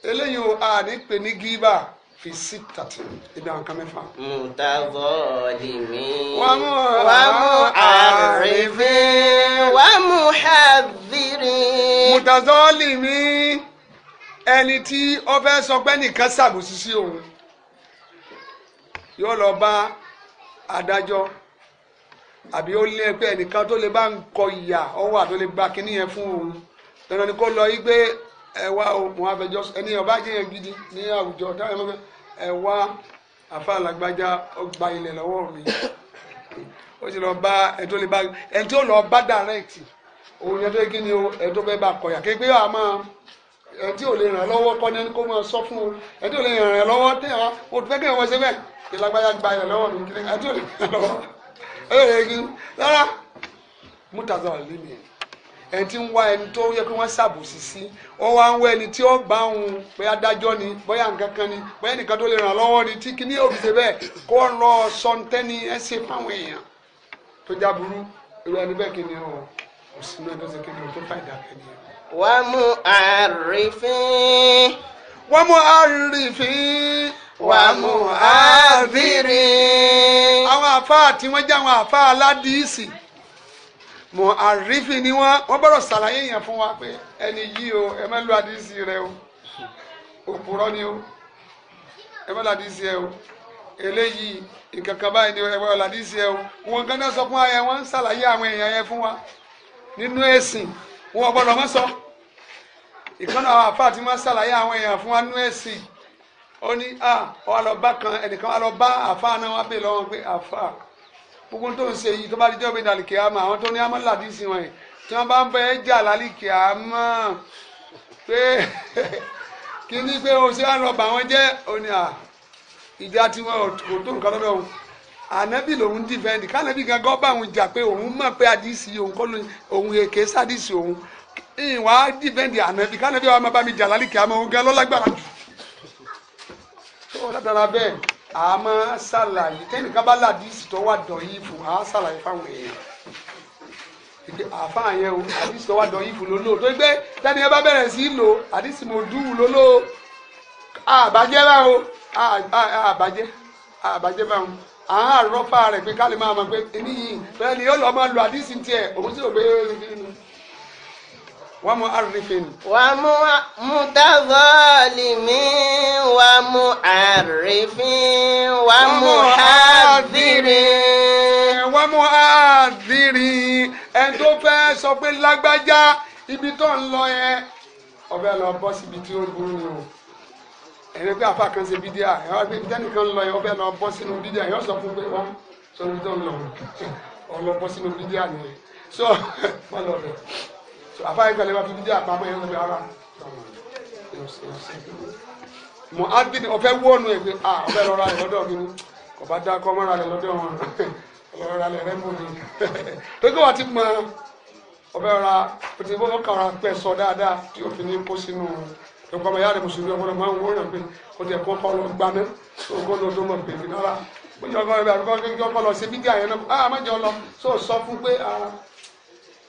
eléyìí ò àní pè ní gíbà fi sitati ibi àwọn kan mẹ́fà. mutazalimi wàmú àrífì wàmú hàdìrì. mutazalimi ẹni tí ó fẹ́ sọ pé nìkan ṣàbòsí sí òun yóò lọ bá adájọ́ àbí ó lé pé ẹnìkan tó lè bá ń kọ ìyà ọwọ́ àti ó lè gba kinní yẹn fún òun dandan ni kò lọ yí pé ẹ wá o mo wá fẹjọ́ ẹni ọba jẹ yẹn gidi ní àwùjọ táwọn ẹmọ fẹ ẹ wá àfa làgbájá ọgbà ilẹ̀ lọ́wọ́ mi ó sì lọ bá ẹ tó lè bá ẹ tí ó lọ bá direct òun yẹn tó yẹ kí ni ẹ tó fẹ́ bá kọyà kékeré wa máa ẹ tí ò lè ràn lọ́wọ́ kọ́ ní kó máa sọ fún o ẹ tí ò lè ràn lọ́wọ́ téèyàn o fẹ́ kí ẹ wọ́n ṣe bẹ́ẹ̀ ìlàgbáyà gba ẹ lọ́wọ́ mi kí ẹ tí ò lè ràn lọ́wọ́ ẹ yẹ kí rárá mútàzà lè nìyẹn ẹni tí ń wá ẹni tó yẹ pé wọ́n ṣàbòsí sí ó wá ń wá ẹni tí ó bá òun bóyá adájọ́ ni bóyá nǹkan ni bóyá nìkan tó lè ràn lọ́wọ́ ni tí kíní òbí ṣe bẹ́ẹ̀ kó lọ sọ̀ǹtẹ́ni ẹ fáwọn èèyàn tó já burú irú ẹni bẹ́ẹ̀ kí ni o kò sínú ẹni tó kí ni o tó fà ìdá kẹ́ni. wà mú àrífín. wà mú àrífín. wà mú àbírin. àwọn àfáà tí wọ́n jẹ́ àwọn àfáà aládìísì mọ àrífín ni wọ́n wọ́n gbọ́dọ̀ ṣàlàyé yẹn fún wa pé ẹni yìí o ẹ má lo àdìsí rẹ o òpùrọ́ ni o ẹ má àdìsí rẹ o eléyìí nǹkan kan báyìí ni ẹ má lo àdìsí rẹ o wọn gánà sọ fún wa yẹn wọ́n ń ṣàlàyé àwọn èèyàn yẹn fún wa nínú ẹ̀sìn wọn gbọ́dọ̀ mọ́ sọ ìkànnì àwọn àfáà ti máa ṣàlàyé àwọn èèyàn fún wa nínú ẹ̀sìn ó ní à ọ lọ bá kan ẹnìkan wa lọ bá àfáà náà wá bè lọ́wọ́ pé àfáà gbogbo tó ń ṣe yìí tó bá di jọ́bẹ̀ dàlìkì àmọ́ àwọn tó ní àmọ́ làdísì wọn yìí tí wọ́n bá ń bẹ jà lálìkì àmọ́ pé kí ni pé o ṣe àrọ̀bà wọn jẹ́ òní à ìjà tí wọn kò tó nǹkan lọ́dọ̀ wọn ànábì lòun dìfẹ́ǹdì kánàbì gangan bá òun jà pé òun mọ̀ pé àdìsí òun kọ́ òun èké sádìsí òun ìwà dìfẹ́ǹdì ànábì kánàbì wa máa bá mi jà lálìkì àmọ́ òun gan lọ́lágbára jù. tó o dábàá bẹ́ẹ̀ a máa ṣàlàyé tẹnìkan bá làdíìsì tó wà dọ̀yìn fún a ṣàlàyé fáwọn èèyàn ìpè àfáà yẹn o àdíìsì tó wà dọ̀yìn fún lóló tó gbé tẹnìkan bá bẹ̀rẹ̀ sí lò àdíìsì mo dùn lóló àbájẹ́ bá o àbájẹ́ àbájẹ́ o à ń àrọ́fà rẹ̀ pé ká lè máa mọ̀ pé èmi yìí bẹ́ẹ̀ ni yóò lọ́ọ́ máa lo àdíìsì tiẹ̀ òun sì ò gbé wa mu'arrifin. wa mutazalimin wa mu'arrifin wa muhadirin. wa muhadirin ẹni tó fẹ́ sọ pé lágbájá ibi tó ń lọ yẹn ọbẹ̀ lọ bọ́ síbi tí ó burú ni o ẹni pé afa kan ṣe bídíà ẹ wá pé tẹnìkan lọ yẹ ọbẹ̀ lọ bọ́ sínú bídíà yọ sọ fún pé wọ́n sọ ibi tó ń lọ ọ lọ bọ́ sínú bídíà nìyẹn so wọ́n lọ bẹ̀ àfáàyè gbàlẹ́ wa fi bídí àpapọ̀ yẹn lọ́gbẹ̀ ara mọ adini ọ̀fẹ́ wọ́ọ̀nù ẹ̀ pé ah ọ̀fẹ́ lọ́ra rẹ̀ lọ́dọ̀ kí ni ọba dá kọ́ mọ́ra rẹ̀ lọ́dọ̀ wọn lọ́ra rẹ̀ rẹ̀ mọ́ni tókè wà ti mọ ọ̀fẹ́ ra òtí bọ́ kàrà pẹ́ sọ dáadáa tí òfin ní kó sínú ìgbà ọmọ yára mùsùlùmí ọgbọ́dọ̀ máa ń wọ́n rẹ̀ pé ó ti ẹ̀kọ́ kọ́ lọ gbaná ọgbọ́dọ̀ ọdún mọ̀ pé rárá bóyá ọgbọ́n rẹ̀ àbúkọ́ kí ọkọ lọ sí bídíà yẹn náà ah má jọ lọ sọ sọ fún pé ah,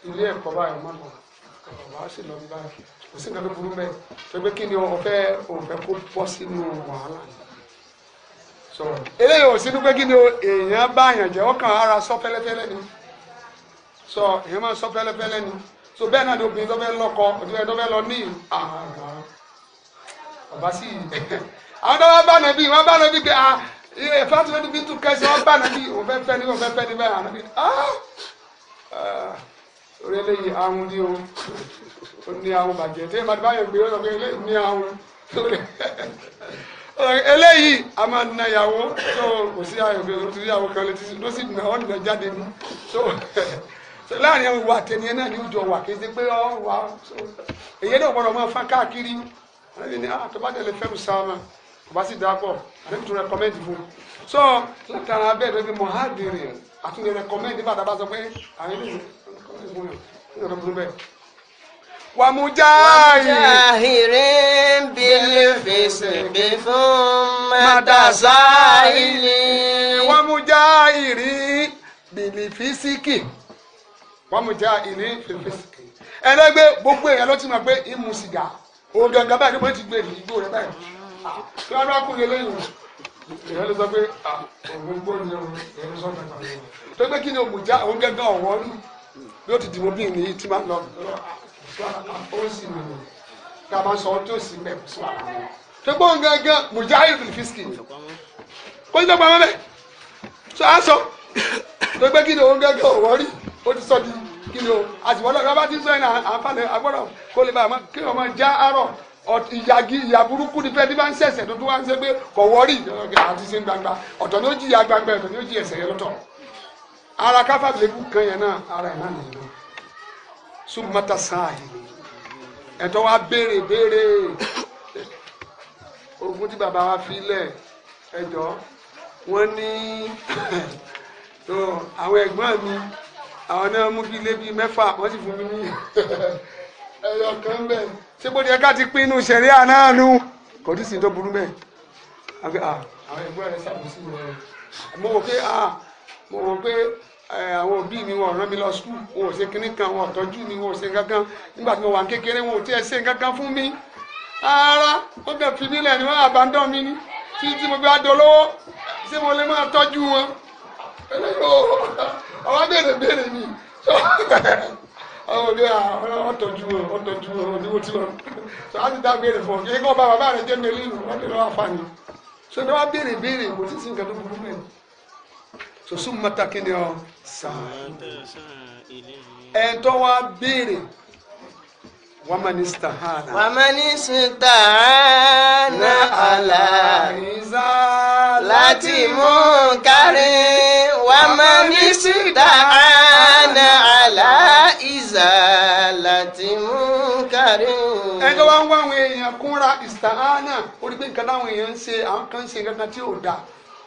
ilé ẹ̀kọ́ báyìí má lọ wàá sì lọ bá kò sí nǹkan tó burú mẹ́ tó gbé kí ni o fẹ́ o fẹ́ kó bọ́ sínú wàhálà so eléyìí ò sínú pé kí ni o èèyàn bá àyàn jẹ́ ọkàn ara sọ pẹ́lẹ́pẹ́lẹ́ ni so èèyàn máa sọ pẹ́lẹ́pẹ́lẹ́ ni so bẹ́ẹ̀ náà ni obìnrin tó fẹ́ lọ́kọ obìnrin tó fẹ́ lọ ní àgbà bàbá sì àwọn tó wá bá nàbí wọ́n bá nàbí pé ah ìfàtúwẹ́ni bí tún kẹ́sì wọ́n bá nàbí òun fẹ́ fẹ́ ni òun fẹ́ fẹ́ ni bẹ́ẹ̀ àná orí eléyìí ahun ní o ó ní ahun bàjẹ́ tí ìbàdí báyọ̀ gbé ọ̀sán pé eléyìí ní ahun eléyìí a máa na ìyàwó tó kò sí ayọ̀ pé olùtúrí ìyàwó kan létí ló sì nà ọ́ nà jáde ní tó láàrin àwọn ìwà àtẹnìyẹn náà ní ìjọ wà kí n ṣe pé ọ wà èyí náà gbọdọ̀ máa fán káàkiri àlejò ní àtọ́bádẹ́lẹ̀ ah, fẹ́rù sáàmà bá sì dápọ̀ àlejò tún rẹkọmẹ́ndì fún un so látara bẹ́ẹ̀ lóbi mọ̀hádìrì àtúnyẹ rẹkọmẹ́ndì bàtà bá sọ pé àwọn ilé ti fún yàn ní ọ̀nà tuntun bẹ́ẹ̀. wà á mú jáàyè. jáàhìrì ń bí fèsì bí fún mẹ́tàsá ìlì. wà á mú jáàhìrì bìlì físíkì wà á mú jáàhìrì bìlì físíkì. ẹlẹ́gbẹ́ gbogbo èèyàn ló ti mọ̀ pé ìmú sìgá òun gangan báyìí ló máa ti gbé ìgbó rẹ báyìí. kí wọ́n bá kú lé lẹ́yìn ló sọ pé àwọn ah, gbóni ọ̀run ìyá ló sọ pé kí ni òmùjá òun gẹ́gẹ́ ọ̀wọ́ nù bí ó ti dìbò bí nìyí tí máa ń lọ ó sì gángan mujahid fiski sọ aṣọ kí ni òun gángan ò ó ti sọ di kí ni o sọ yìí náà àǹfààní kó lè bá a kí ọmọ já àárọ̀ ìyàgì ìyà burúkú ni fẹ́ẹ́ bí bá ń tó tó wá ń ṣe pé kò àti ṣe ń gbangba ọtọ ara káfà lébù kan yẹn náà ara ẹ̀ náà nìyẹn sùmọ́tà sáàyè ẹ̀tọ́ wa béèrè béèrè ogun tí bàbá wa fi lẹ̀ ẹ̀jọ́ wọ́n ní tó àwọn ẹ̀gbọ́n mi àwọn náà mú bí ilé bíi mẹ́fà wọ́n sì fún mi ní ẹ̀yọ kan bẹ́ẹ̀ ṣé bó ni ẹ ká ti pinnu ṣẹ̀ríà náà kò tí sì tó burú bẹ́ẹ̀ àwọn ẹ̀gbọ́n rẹ̀ ṣàbùsí rẹ̀ mo wò pé mo wò pé àwọn òbí mi wọn rán mi lọ skul wọn ò ṣe kinní kan wọn tọ́jú mi wọn ò ṣe kankan nígbà tí mo wà kékeré wọn ò tiẹ̀ ṣe kankan fún mi rárá wọn bẹ fi mí lẹ̀ ni wọn àbádọ́ mi ni tí tí mo bá dolówó ṣé mo lè máa tọ́jú wọn ọwọ́ béèrè béèrè mi àwọn òbí àwọn tọ́jú wọn wọn tọ́jú wọn oníwó tí wọn sọ á ti dá béèrè fún ọ kí n kọ́ bá bàbá rẹ jẹ́ mi lẹ́nu wọn lè lọ́wọ́ àfààní sọ ni wọn béèrè béèrè kò sí sí nǹkan tó burú mẹ́rin so súnmọ́ta kí ni ọ sàn ẹ̀ tó wá béèrè wamanistahana. wamanistahana ala láti mú kárí. wamanistahana ala ìzà láti mú kárí. ẹgbẹ́ wa ń wá àwọn èèyàn kúnra istahana orí pé nǹkan táwọn èèyàn ń ṣe àwọn kan ń ṣe nǹkan kan tí ò dáa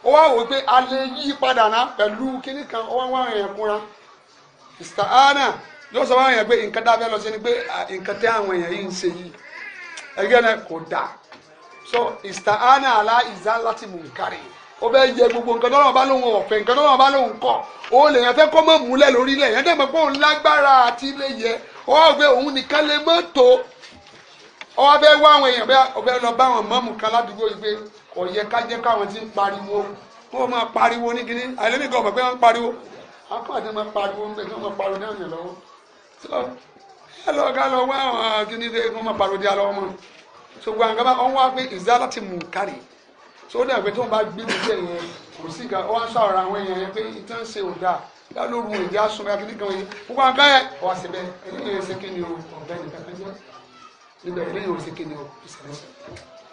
ó wá wò pé a lè yí padà ná pẹ̀lú kíní kan ó wá wá yẹn múra ìsàánà yóò sọ wá yẹn pé nǹkan dábẹ́ lọ sí ni pé nǹkan tẹ́ àwọn èèyàn yìí ń ṣe yìí ẹgbẹ́ náà kò dáa so ìsàánà àlá ìzá láti mú nkárì ó bẹ yẹ gbogbo nǹkan tó náà bá lóun ọ̀fẹ́ nǹkan tó náà bá lóun kọ̀ ó lè yẹn fẹ́ kọ́ mọ̀ múlẹ̀ lórílẹ̀ yẹn dẹ̀ pé òun lágbára àti ilé yẹ ó wá gbé òun nìkan lè mọ́tò ó wá fẹ́ wá àwọn èèyàn bẹ́ẹ̀ lọ bá àwọn mọ́mù kan ládùúgbò yìí pé kò yẹ ká jẹ́ káwọn ti ń pariwo kó o máa pariwo ní kíní àìlẹ́mí kan mọ̀ pé wọ́n ń pariwo apáàdé máa pariwo ń bẹ kí wọ́n máa pariwo ní àyàn lọ́wọ́ so ẹ lọ ká lọ wá àwọn kíní dé kí wọ́n máa pariwo dí alọ́wọ́ mọ́ so gbàǹgà bá wọn wá pé ìzá láti mú kárì so ó dà pé tí wọ́n bá gbé mi jẹ́ yẹn kò sí nǹkan wọ́n á sọ̀rọ̀ àwọn èèyàn yẹn pé ìtàn ṣe ò dáa yá ló ru ìdí asunmọ́ akíní kan yìí gbogbo àǹkà yẹ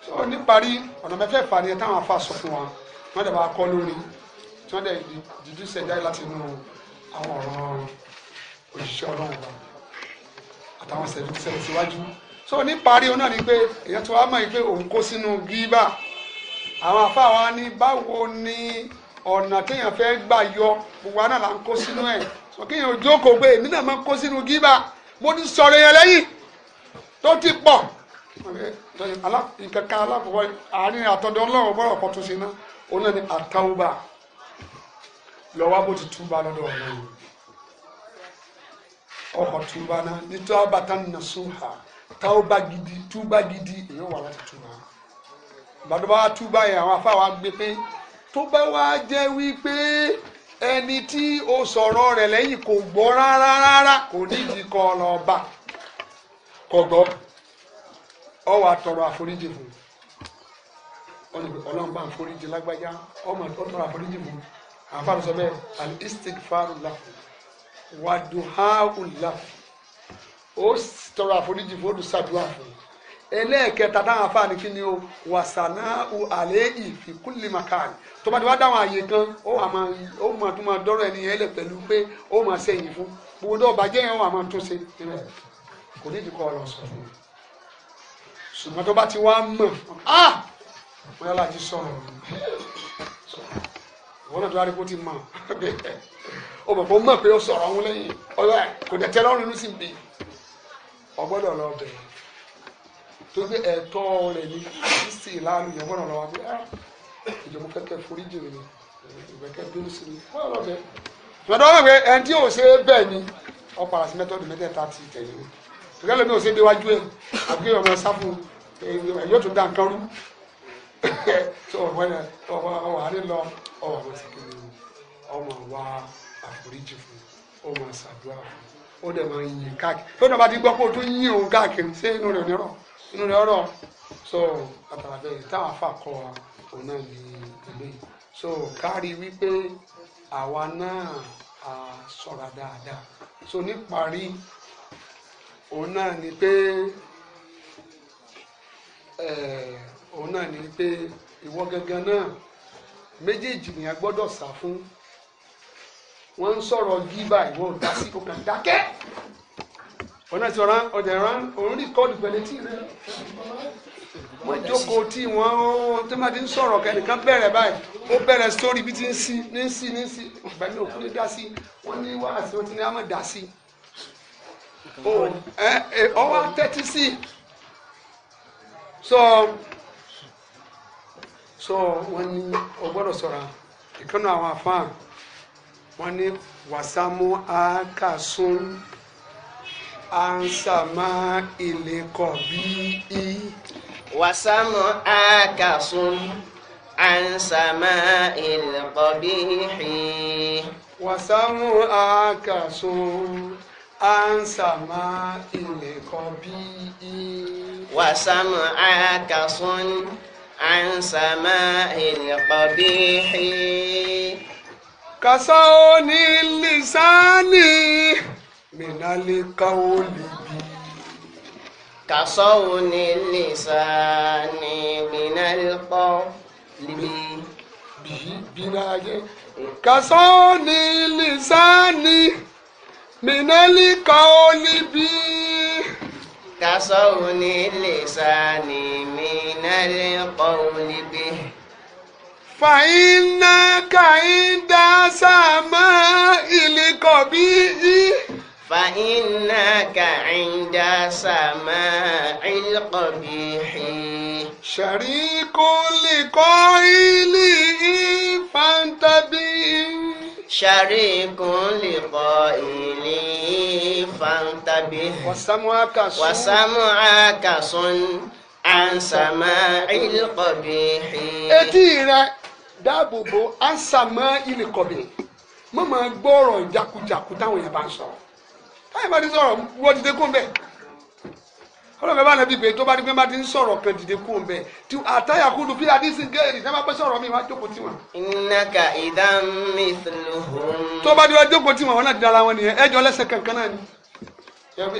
so níparí ọ̀nà mẹ́fẹ̀ẹ̀fà ni táwọn afa sọ fún wa wọ́n dẹ̀ bá kọ́ lórí tí wọ́n dẹ̀ dídú sẹ́jáde láti inú àwọn ọ̀ràn òṣìṣẹ́ ọlọ́run wa àtàwọn sẹ̀lẹ̀ síwájú so níparí ọ̀nà ni pé èèyàn tí wàá mọ̀ pé òun kó sínú gíbà àwọn afa wa ní báwo ni ọ̀nà téèyàn fẹ́ gbà yọ gbogbo àná là ń kó sínú ẹ̀ sọ kéèyàn ojókòó pé èmi náà máa kó sínú gíbà mo ti sọ̀rọ̀ yẹn lẹ́yìn tó ti pọ̀ nǹkan kan alákọ̀ọ́kọ́ àárín àtọ́dọ́ ọlọ́run bọ́rọ̀ pọ̀ tó ṣe ná òun náà ni àtàwùbà lọ́wọ́ bó ti túbà lọ́dọ̀ ọlọ́run ọkọ̀ túbà náà ní tábà tá nà sóhà gidi túbà gidi èèyàn wà láti túbà gbàdúrà wá túbà yẹn àwọn wa gbé pé tó bá wá jẹ́ wípé ẹni tí o sọ̀rọ̀ rẹ̀ lẹ́yìn kò gbọ́ rárá rárá kò nídìí kọ́ ọ ọ wà tọrọ àforíjì fún ọlọ́run bá lágbájá ọmọ tọrọ àforíjì fún àfàrọ sọ bẹ́ẹ̀ alistik istikfaru lafu wàdùháù lafu ó tọrọ àforíjì fún olùsàdúrà fún ẹlẹ́ẹ̀kẹta táwọn afáàní kí ni o wàsánà àlẹ́ ìfikúnlẹ̀ màkàní tó wá dáhùn àyè kan ó máa tún máa dọ́rọ̀ ẹni yẹn lẹ̀ pẹ̀lú pé ó máa fún gbogbo ó máa tún ṣe kò ní ọ̀rọ̀ sọ fún ṣùgbọ́n tó bá ti wá mọ̀ ah bóyá láti sọ̀rọ̀ wọn náà tó wá rí kó ti mọ̀ ó bọ̀ bó mọ̀ pé ó sọ̀rọ̀ ọ̀hún lẹ́yìn ọ̀la kò dẹ̀ tẹ́lọ́rùn inú sì ń bì ọgbọ́dọ̀ lọ bẹ̀ tó gbé ẹ̀tọ́ rẹ̀ ní sísè láàánú yẹn gbọ́dọ̀ lọ wá pé ah ìjọba kẹ́kẹ́ foríjì mi ìgbẹ́kẹ́ bínú sí mi gbọ́dọ̀ lọ bẹ̀ ṣùgbọ́n tó wá mọ̀ pé ẹni tí ò ṣe é bẹ́ẹ̀ ni ọ tọ́kẹ́ lómi ò ṣe déwájú ẹ̀ àbí ọmọ sáfù yóò tún dá nǹkan rú tó ọmọ yẹn ọmọ ọmọ àárẹ̀ lọ ọmọ àwọn sìkìrì ọmọ wa àforíjì fún ọmọ ṣàdúrà fún ó dẹ̀ máa ń yin káàkiri tó dẹ̀ bá ti gbọ́ pé o tún yin òun káàkiri ṣé inú rẹ̀ nírọ̀ inú rẹ̀ ọ̀rọ̀ so àtàrà bẹ́ẹ̀ táwọn afa kọ́ wa òun náà ní ìlú yìí so kárí wípé àwa náà a dáadáa so níparí òun náà ni pé òun náà ni pé ìwọ gangan náà méjèèjì nìyẹn gbọ́dọ̀ sá fún wọ́n ń sọ̀rọ̀ gíbà ìwọ ò dá sí kó kàn dákẹ́ ọ̀nà tí ọ̀ràn ọ̀dẹ̀ rán òun rí kọ́ọ̀dù pẹ̀lú tí rẹ̀ wọ́n jókòó tí wọ́n tó máa ti ń sọ̀rọ̀ kẹ́nìkan bẹ̀rẹ̀ báyìí ó bẹ̀rẹ̀ sórí bí ti ń sí ní sí ní sí ìgbà ní òkú ní dá sí wọ́n ní wàhálà sí wọ́n ti ní àmọ́ dá sí ọ wá tẹ́tí sí i so so wọ́n ní ó gbọ́dọ̀ ṣọ́ra ìkànnì àwọn afáàn wọ́n ní wàsámú àkàsún ansama ìlẹ̀kọ̀ bíi. wàsámú àkàsún ansama ìlẹ̀kọ̀ bíi. wàsámú àkàsún. ansama ilẹ̀kọ́ bí i. wàsámù àkàsùn ansama ilẹ̀kọ́ bí i. kàṣà ó ní lìsánì mìnálẹ́ káwọ́ lè bí i. كصون اللسان من القول كصون اللسان من القول به كصون اللسان من القول به فإنك عند سماء القبيح فإنك عند سماع القبيح شريك لقائله فانتبه sharikun liqa'ili fantabi wasamuaka sun ansama ilqabihi. etí rẹ dáàbòbò ansama ilqabihi mo máa gbọ́ ọ̀rọ̀ jákujàku táwọn yẹn bá ń sọ̀rọ̀ táwọn yẹn bá ń sọ̀rọ̀ wọ́n ti dé kó bẹ́ẹ̀ ọlọ́pàá bá nàbí pé tó bá ní pé má ti ń sọ̀rọ̀ kan dìde kú ọ̀bẹ tí àtàyà kú lu bí adísí géèrè tí wọ́n bá pẹ́ sọ̀rọ̀ mi wọ́n á jókòó tiwọn. innaka idan mithluhum. tó bá dé wọ́n jókòó tiwọn wọn náà dára wọn nìyẹn ẹjọ́ lẹ́sẹ̀ kankan náà ni.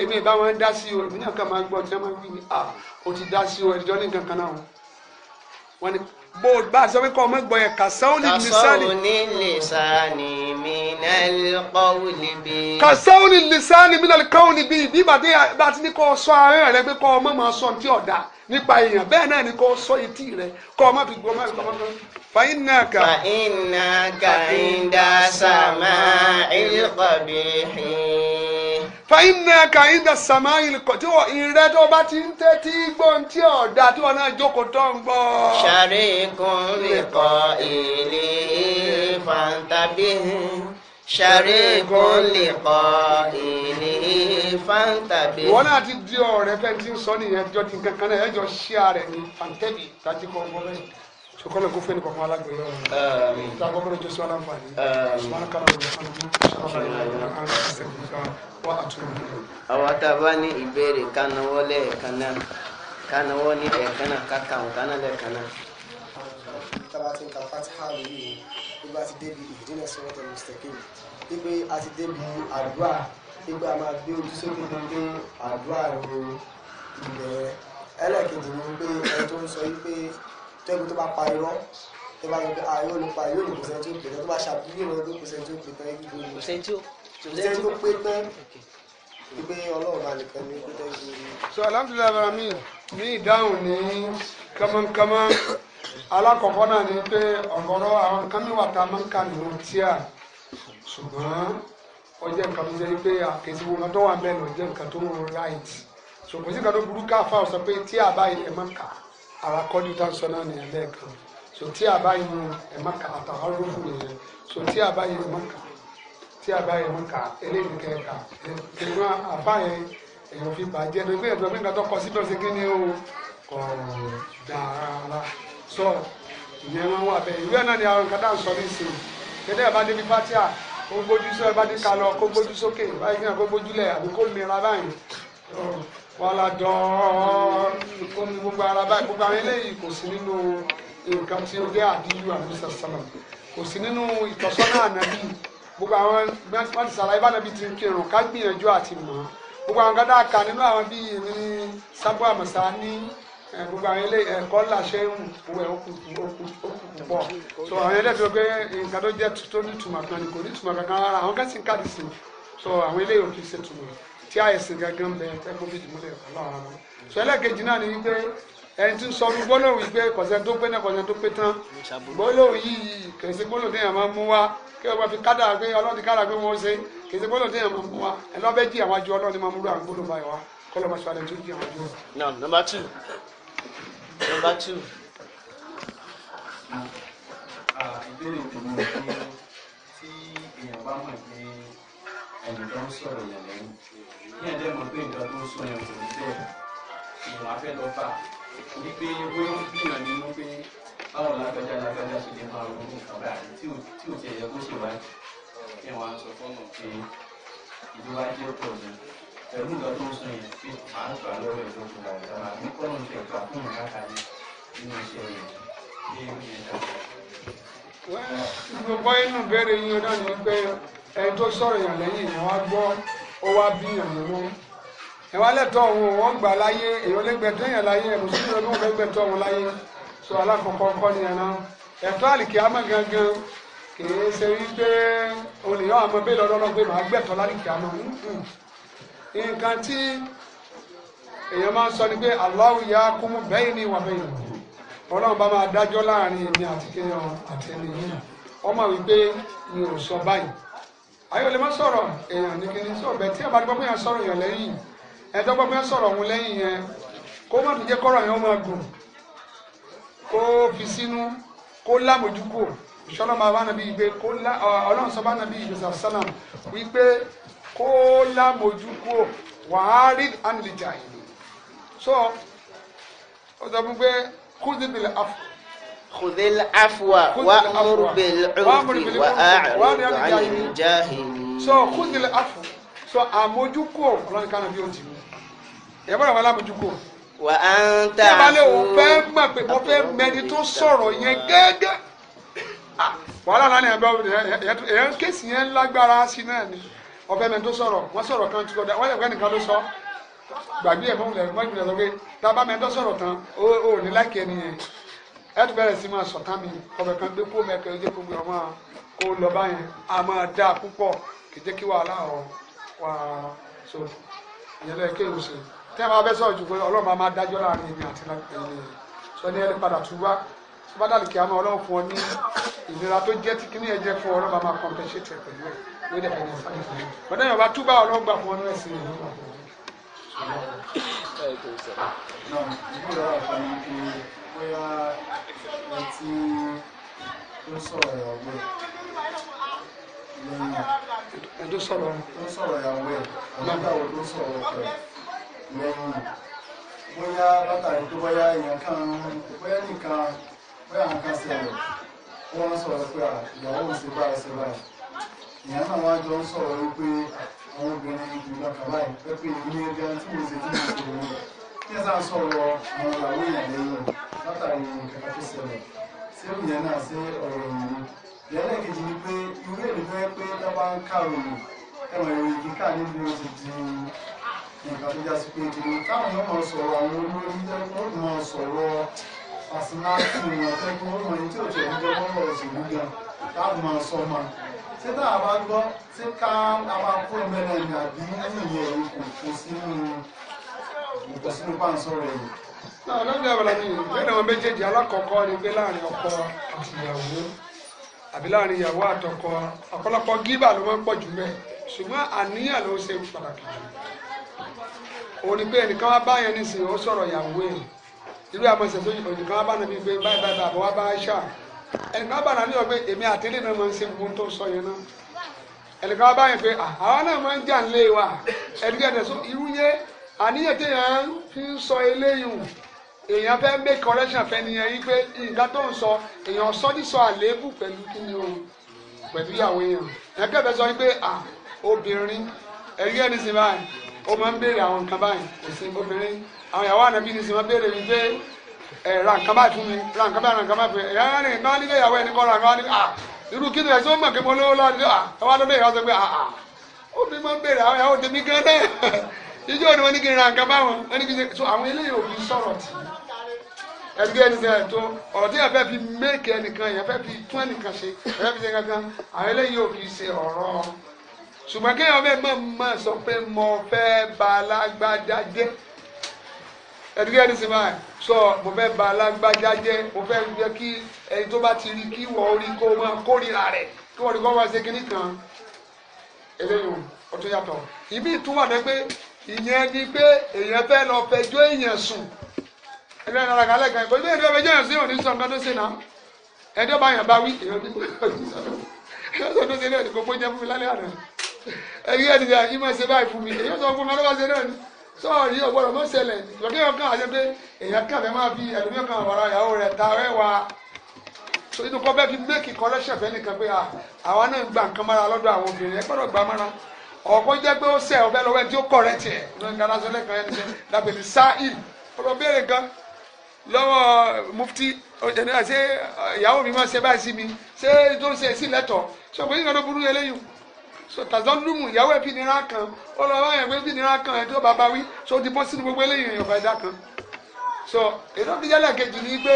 èmi ìbá wọn dá sí o èmi náà máa gbọ́ ọ̀dí náà wí ni a o ti dá sí o ẹjọ́ ní kankan náà wọn bó o bá sọ pé kọ́ ọmọ gbọ́ yẹn kàṣẹ́wọ́nì lìsánì mí lọ́lẹ̀ káwọn níbí bí ìbàdí bá ti ní kọ́ ọ sọ ahọ́n rẹ pé kọ́ ọmọ máa sọ ti ọ̀dà nípa èèyàn bẹ́ẹ̀ náà ni kọ́ sọ etí rẹ kọ́ ọmọ fi gbọ́ mẹ́rin kọ́ fàyínàkà. fàyínàkà ìdá sàmà ìlkọ̀bì hìn. fàyínàkà ìdá sàmà ìlkọ̀bì hìn ìrẹ́ tó bá ti ń tẹ́tí gbọ́n tí ọ̀dà tí wọn náà jókòó tó ń gbọ́. ṣàríkùn lè kọ ìlú fàǹtàbí ṣàríkò lè kọ́ ìní fáńtàbí. wọn náà ti di ọ̀rẹ́ fẹẹ ti ń sọ nìyẹn ẹjọ ti nǹkan kan náà ẹjọ ṣí ààrẹ ní fàǹtẹbì láti kọ ọgbọ́n rẹ sokolo kó fẹni kọfún alágbèrè ọ̀rọ̀ tàbí ọmọdé jésù aláǹfààní ṣùgbọ́n kára ọ̀rọ̀ ṣàlùfẹ wà á tún un. àwọn tábà ní ìbéèrè kánáwó lẹ́ẹ̀kan náà kánáwó ní ẹ̀ẹ̀kan náà kákàwọn kánáà lẹ́ẹ̀kan náà. tábà ti ń ka fatiha lórí yìí tó bá ti débi ìdínà sọ́wọ́tà mustaqim wípé a débi àdúrà wípé a máa gbé ojú sókè wípé àdúrà ro ìbẹ̀rẹ̀ ẹlẹ́ẹ̀kejì ni wípé ẹni tó ń sọ wípé tẹ́gun tó bá pa irọ́ tó bá sọ ayé ò ní pa yóò ní tán tó bá ṣàbílì ìrọ̀ tó kò sẹ́ni tí tán ibi gbogbo kò tó pé tán wípé ọlọ́run máa nìkan ní pé tẹ́gun. so ní ìdáhùn ní kánmọ́nkánmọ́ alákọ̀ọ́kọ́ náà ni pé ọ̀gọ̀rọ̀ àwọn nǹkan tá a máa ń kà nínú tíà ṣùgbọ́n ó jẹ́ nǹkan tó jẹ́ pé àkẹ́sí wọn tó wà mẹ́rin ó jẹ́ nǹkan tó ń right ṣùgbọ́n sí nǹkan tó burú káfà sọ pé tíà báyìí ẹ̀ máa kà ara kọ́jú tá a sọ náà nìyẹn lẹ́ẹ̀kan so tíà báyìí ẹ̀ máa kà àtàwọn olóòfù nìyẹn so tíà báyìí ẹ̀ máa kà tíà báyìí ẹ̀ máa kà eléyìí kẹ́ kà ẹ̀gbọ́n àbáyẹn èèyàn fi bàjẹ́ ẹ̀dọ́gbẹ́ ẹ̀dọ́gbẹ́ nǹkan tó kọ sọ ìyẹn máa ń wà bẹ́ẹ̀ ìwé náà ni àwọn nǹkan dáhùn sọ ní ìsìn kẹ́tẹ́ ìbá débi pátí à kó gbójú sọ ìbá dé kalọ kó gbójú sókè báyìí kí náà kó gbójú lẹ̀ àbí kó mìíràn báyìí wàhálà dán kó mi gbogbo ara báyìí gbogbo àwọn eléyìí kò sí nínú nǹkan tí ó jẹ́ àdíyù àbúṣà sálà kò sí nínú ìtọ́sọ́nà ànábì gbogbo àwọn gbẹ́ntìmọ́tì sàlàyé bá nàbí ti ń kírun ká gbìyànjú àti mọ̀ gbogbo àwọn gádà kan nínú àwọn bíi ní sábà mọ̀sá ní gbogbo àwọn ilé ẹ̀kọ́ làṣẹ ìwù òkùnkùn pọ̀ so àwọn ilé tó gbé nǹkan tó jẹ́ tó ní tùmọ̀ kan ní kò ní tùmọ̀ kankan rárá àwọn kẹ́sì ń káàdì sí so àwọn ilé yòókì ṣe tùmọ̀ tí àìsàn gangan bẹ ẹgbẹ́ méjì múlẹ̀ ọlọ́run àwọn so ẹlẹ́kejì náà ni wípé ẹni tí ń sọ gbólóhùn yìí pé kọ̀sẹ̀ tó pé náà kọ̀sẹ̀ tó pé tán gbólóhùn yìí kèsì gbólóhùn téèyàn máa ń mú wá kí wọ́n bá fi kádà pé ọlọ́run ti kádà pé wọ́n ṣe kèsì gbólóhùn téèyàn máa ń mú wá ẹ lọ́bẹ̀ẹ́jì àwọn àjọ ọlọ́run máa ń múlò àwọn gbólóhùn báyìí wá kọ́lọ́ máa ṣe number two. ìbéèrè tèmi ni pé tí èèyàn bá mọ̀ pé ẹnì kan sọ̀rọ̀ èèyàn lẹ́yìn ní ẹ̀jẹ̀ mọ̀ pé nǹkan tó ń sọ yẹn kò ní bẹ́ẹ̀ ìwọ̀n afẹ́ lọ bá wípé bóyá ó bìyàn nínú pé báwo lágbájá lágbájá ṣe lè máa ronú nǹkan báyìí tí ò tiẹ̀ yẹ kó ṣèwádìí kí wọ́n á sọ fọ́nà pé ìjọba jẹ́ pọ̀ gan ẹ̀rú nǹkan inú ìbéèrè yín náà ni pé ẹni tó sọ̀rọ̀ yàn lẹ́yìn yẹn wá gbọ́ ó wá bí yàn lọ́wọ́ ẹ wá lẹ́tọ̀ òun wọ́n gbà láyé èèyàn lè yàn láyé ẹ̀ mùsùlùmí ọdún fẹ́ gbẹ̀tọ́ òun láyé so alákọ̀ọ́kọ́ kọ́ ni yẹn náà ẹ̀tọ́ àlìkíyàmọ̀ gangan kì í ṣe wípé olè àmọ́ bẹ́ẹ̀ lọ́dọ́ọ́dọ́ pé nǹkan tí èèyàn máa ń sọ ni pé Allahu yahkumu bayni wa baynakum ọlọ́run bá máa dájọ́ láàrin èmi àti kéèyàn àti ẹni yìí ọmọ wípé mi sọ báyìí ayé olè má sọ̀rọ̀ èèyàn ní kíni sọ̀rọ̀ bẹ́ẹ̀ tí ẹ bá dúpọ́ pé sọ̀rọ̀ lẹ́yìn yẹn kó má jẹ́ kọ́rọ̀ sọ bá nàbí ìgbésà kó lámojú kúrò wàá rí ànìlìjà ìlú so ó sọ fún pé kúndé bìlẹ̀ afu. kúndé afuwa wà múrùbẹ̀lì ọ̀fì wà áàrùn ànìlìjà so kúndé afu so àmójúkò kúránìkanà bí ó ti mú ẹ bọ́dọ̀ wọn lámojú kúrò wà á ń tà á fún. ìbálẹ̀ òun fẹ́ mọ̀ pé mo fẹ́ mẹni tó sọ̀rọ̀ yẹn gẹ́gẹ́ wàhálà náà ni ẹ̀ bẹ́ẹ̀ ẹ̀ kéèsì yẹn lágbára sí náà ni ọbẹ̀ mẹ́tò sọ̀rọ̀ wọ́n sọ̀rọ̀ kan tí kò dá wọ́n lè fẹ́ nìkan ló sọ gbàgbé ẹ̀ fún lẹ́nu wọ́n gbìyànjú sọ tá a bá mẹ́tò sọ̀rọ̀ tán ó ò ní láìkí ẹni yẹn ẹ tún bẹ̀rẹ̀ sí máa sọ̀tàn mi ọbẹ̀ kan gbé kó mẹ́kẹ́ ó jẹ́ kó gbé ọmọ kó lọ báyẹn a máa dá a púpọ̀ kì í jẹ́ kí wàhálà ọ̀ wà so ìyẹn lọ kéwòn ṣe tẹ́ máa bẹ́ sọ̀rọ̀ jù pé ọlọ́run máa máa dájọ́ láàrin èmi àti ẹni sọ ní ẹni padà tún wá tó bá dàlùkì àmọ́ ọlọ́run fún ọ ní ìlera tó yóò dẹ̀ fẹ́ ní sẹ́yìn bọ́dá yóò bá túbà ọlọ́gbà fún ọ́nà ẹ̀sìn ìlú náà. ìgbọ́dọ̀ ọ̀fọ̀ ni pé bóyá etí tó sọ̀rọ̀ ìyàwó ẹ̀ lẹ́yìn ẹ̀dọ́ sọ̀rọ̀ tó sọ̀rọ̀ ìyàwó ẹ̀ ọ̀lọ́gbàwó tó sọ̀rọ̀ ọ̀kẹ́ lẹ́yìn bóyá látàrí tó bóyá èèyàn kan bóyá nìkan bóyá nǹkan ṣẹlẹ̀ wọ́n sọ̀rọ̀ pé ìyàwó mi ṣe báyìí ṣe báyìí èèyàn náà wá jọ ń sọ̀rọ̀ wípé àwọn obìnrin ìjùlọ kàlá ẹ̀ pé pé ilé gan tí mo ṣe tí mo ṣe wọn kí ẹ sọ̀rọ̀ àwọn ìyàwó èèyàn lẹ́yìn látàrí nǹkan tó ṣẹlẹ̀ ṣé ìyẹn náà ṣe ọ̀rọ̀ ìyẹn ìyẹn kejì ni pé fẹ́ pé bá ń ẹ̀wọ̀n ti di nǹkan tó já sí pé táwọn ṣé tá a bá gbọ́ ṣé ká a máa kó mẹ́rin ẹ̀yìn àbí nìyẹn kò kó sínú kò sínú páńsọ̀rọ̀ ẹ̀yìn. náà lọ́dún àbàlà mi lẹ́nu àwọn méjèèjì alákọ̀ọ́kọ́ ni pé láàrin ọkọ àti ìyàwó àbí láàrin ìyàwó àtọkọ ọ̀pọ̀lọpọ̀ gíbà ló máa ń pọ̀ jù mẹ́ ṣùgbọ́n àníyàn ló ṣe pàtàkì jù òun ni pé ẹnìkan wá bá yẹn nísìnyí ó sọ̀rọ̀ ìyàwó ẹ̀ irú àmọ́ ìṣẹ̀ṣẹ̀ òyìnbó nìkan wá bá nàbí pé báyìí báyìí bàbá wá bá ṣáà ẹnìkan bá nàní ọgbẹ èmi àtẹlẹ náà máa ń ṣe gbogbo tó sọ yẹn náà ẹnìkan bá báyìí pé àwa náà máa ń jà ń lé wa ẹnìkan ẹ̀dẹ̀ sọ irú yẹ àníyàn téèyàn fi ń sọ eléyìí èèyàn fẹ́ make correction fẹ́ nìyẹn yí pé nǹkan tó ń sọ èèyàn sọ ní sọ àléébù pẹ̀lú kí ni o pẹ̀lú ìyàwó èèyàn ẹ̀ kẹ́fẹ́ sọ wípé à obìnrin ẹ̀rí ẹni sì báyìí ó máa ń béèrè àwọn nǹkan báyìí kò sí obìnrin àwọn ìyàwó ànábì ni sì máa béèrè wípé ẹ eh, ra nǹkan fún mi ra nǹkan báyìí fún mi ẹ̀yà ẹ̀yà máa nílé ìyàwó ẹni kọ́ ra wá ní irú kí ni ó mọ̀ kí mo lówó ah, lọ́dọ̀ ìyàwó sọ pé ah, ah, ó fi máa ń àwọn ìyàwó tèmi gan náà ijó ni wọ́n ní kí n wọ́n ní kí n ṣe so àwọn eléyìí tó ọ̀rọ̀ tí fi méèkì àwọn eléyìí ẹ̀dúgbẹ́ ní sinmi àì sọ mo fẹ́ ba alágbájá jẹ́ mo fẹ́ jẹ́ kí ẹni tó bá ti rí kí wọ́n rí kó máa kórìíra rẹ̀ kí wọ́n rí kó máa ṣe kínní kan eléyìí o tó yàtọ̀ ìmí ìtumọ̀ ní pé ìyẹn ni pé èèyàn fẹ́ lọ fẹjọ́ èèyàn sùn ẹgbẹ́ ìrora kan lẹ́ẹ̀kan ìbò ìbéèrè ọmọ ìjọyàn sí òní sọ̀kan tó ṣe náà ẹjọ́ bá yàn bá wí èèyàn bí sọ̀kan tó ṣe náà ní kò pé jẹ́ fún mi lálẹ́ àná ẹgbẹ́ ìdíjà ìmọ̀ ṣe báyìí fún mi èèyàn sọ fún mi ọlọ́wọ́ ṣe náà sọ́ọ̀rì ọ̀gbọ́dọ̀ mọ́ ṣẹlẹ̀ lọ́kẹ́ ọkàn àti pé èèyàn kàn fẹ́ máa fi ẹ̀lómi ọkàn wàrà ìyàwó rẹ̀ ta rẹwà so inú kọ́ bẹ́ẹ̀ fi méèkì kọ́lẹ́ṣẹ̀ fẹ́ nìkan pé àwa náà ń gba nǹkan mára lọ́dọ̀ àwọn obìnrin ẹ gbọ́dọ̀ gbà mára ọ̀pọ̀ jẹ́ pé ó sẹ̀ ọ̀bẹ lọ́wọ́ ẹni tí ó kọ̀ rẹ̀ tiẹ̀ lóyún alásọ̀lẹ̀ kan ẹni sẹ́ dàbẹ̀lì sáì ọ̀rọ̀ béèrè kan lọ́wọ́ mufti ṣe ìyàwó mi máa ṣe báyìí sí mi ṣé nítorí ṣe èsì lẹ́tọ̀ọ́ ṣọ̀gbọ́n yìí kan ló burú eléyìí sọtazọ lùmù ìyàwó ẹ fi nira kan ọlọ́wọ́ yẹn pé fi nira kan ẹ tó bàbá wí so ti bọ́ sínú gbogbo eléyìí èèyàn bá kan so èdè fi jálẹ̀ kejì ni pé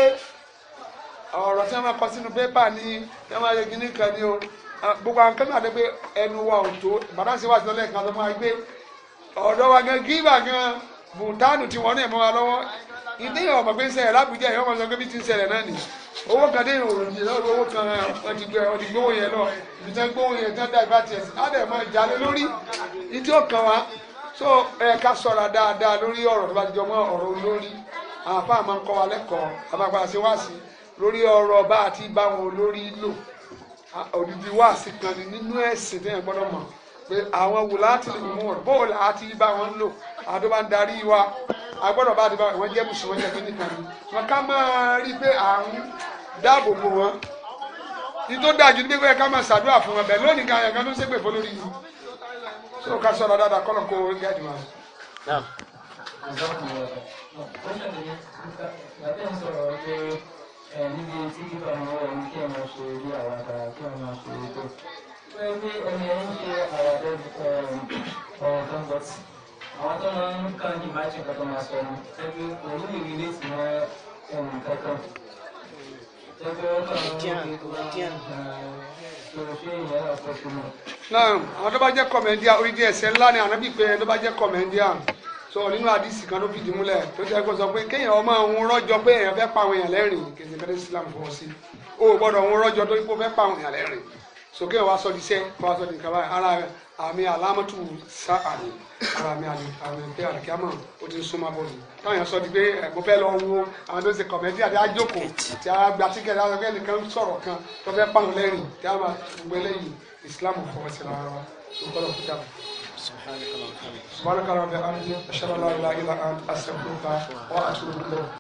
ọ̀rọ̀ tí wọ́n máa kọ sínú pépà ni wọ́n máa yẹ kíní kan ni o ah, gbogbo àwọn kan náà dé pé ẹnu wa ò tó bàbá ṣe wà sílẹ̀ kan tó máa gbé ọ̀dọ́ wa gan gíbà gan bùtánù tí wọ́n náà mọ́ wa lọ́wọ́ ìdíyàn ọmọ pé ń ṣẹlẹ̀ lábùjá ìyá ọmọ sọ pé bí ti ń ṣẹlẹ̀ náà nì owó kan déyàn òròyìn lọ́rọ̀ owó kan ọtí gbówó yẹn lọ ìtàn gbówó yẹn tán dá ìbá tiẹ̀ sí ládẹ̀ mọ́ ìjálé lórí ìdí ọ̀kan wa so ẹ̀ka ṣọ́ra dáadáa lórí ọ̀rọ̀ tó bá ti jọ mọ́ ọ̀rọ̀ olórí àwọn afá máa ń kọ́ wa lẹ́kọ̀ọ́ àbápadà sí wáàsí lórí ọ̀rọ̀ bá àti bá wọn olórí lò òdìdí wáàsí kan nínú ẹ̀sìn tẹ́yàn gbọ́dọ̀ mọ̀ pé àwọn wò láti lè mú ọ̀rọ̀ bóòlù àti bá wọn lò àwọn tó bá ń darí wa a gbọ́dọ̀ bá ti bá wọn jẹ́ mùsùlùmí jẹ́ kíní kan wọn ká máa rí pé à ń dáàbò bò wọn ní tó dájú ní pé ká máa ṣàdúrà fún wọn bẹ́ẹ̀ lónìí kan ẹ̀ka tó ń ṣègbè fún lórí yìí tó ká sọ̀rọ̀ dáadáa kọ́nà kó orí gáàdì wọn. Níbi tí kíkọ́ àwọn ọ̀rọ̀ kí ẹ ṣe bí àwàdà kí ẹ máa ṣe ètò. Pé bí ẹni ẹ ṣe àwàdà ọ̀rọ̀ kan bọ̀ sí àwọn tó máa ń kàn ní ìmájì nǹkan tó máa sọ ni tẹ́bí òun ní ìrírí tí wọ́n ẹnu kankan tẹ́bí wọ́n kàn ń rí tó bá sọ̀rọ̀ ọ̀pọ̀ sí mi. náà àwọn tó bá jẹ́ kọ̀mẹ́ndíà orí díẹ̀ ṣe ńlá ni ànábì pé tó bá jẹ́ kọ̀mẹ́ndíà sọ nínú àdìsí kan ló fìdí múlẹ̀ tó jẹ́ kó sọ pé kéèyàn ọmọ òun rọ́jọ pé èèyàn fẹ́ pa àwọn èèyàn lẹ́rìn kèsì kẹ́rẹ́sì fọwọ́ sí o gbọ́dọ̀ òun rọ́jọ tó kó fẹ́ pa àwọn èèyàn lẹ́rìn sókè wa sọ di sẹ kó wa sọ di kaba ara àmì alámọtò sá àmì ara àmì àmì pé àdìkíámọ ó ti ń súnmọ́ bọ ni táwọn yẹn sọ di pé ẹgbọn fẹ lọ wo àwọn tó ń ṣe kọmẹdì àti àjòkò tí a gba tíkẹtì àwọn akẹ́kẹ́ nìkan sọ̀rọ̀ kan tó fẹ́ pàrọ̀ lẹ́rìn tí a máa gbẹ lẹ́yìn islam fọwọ́ sí ara wa sókè lọ kúta. سبحانك اللهم وبحمدك أشهد أن لا إله إلا أنت أستغفرك وأتوب إليك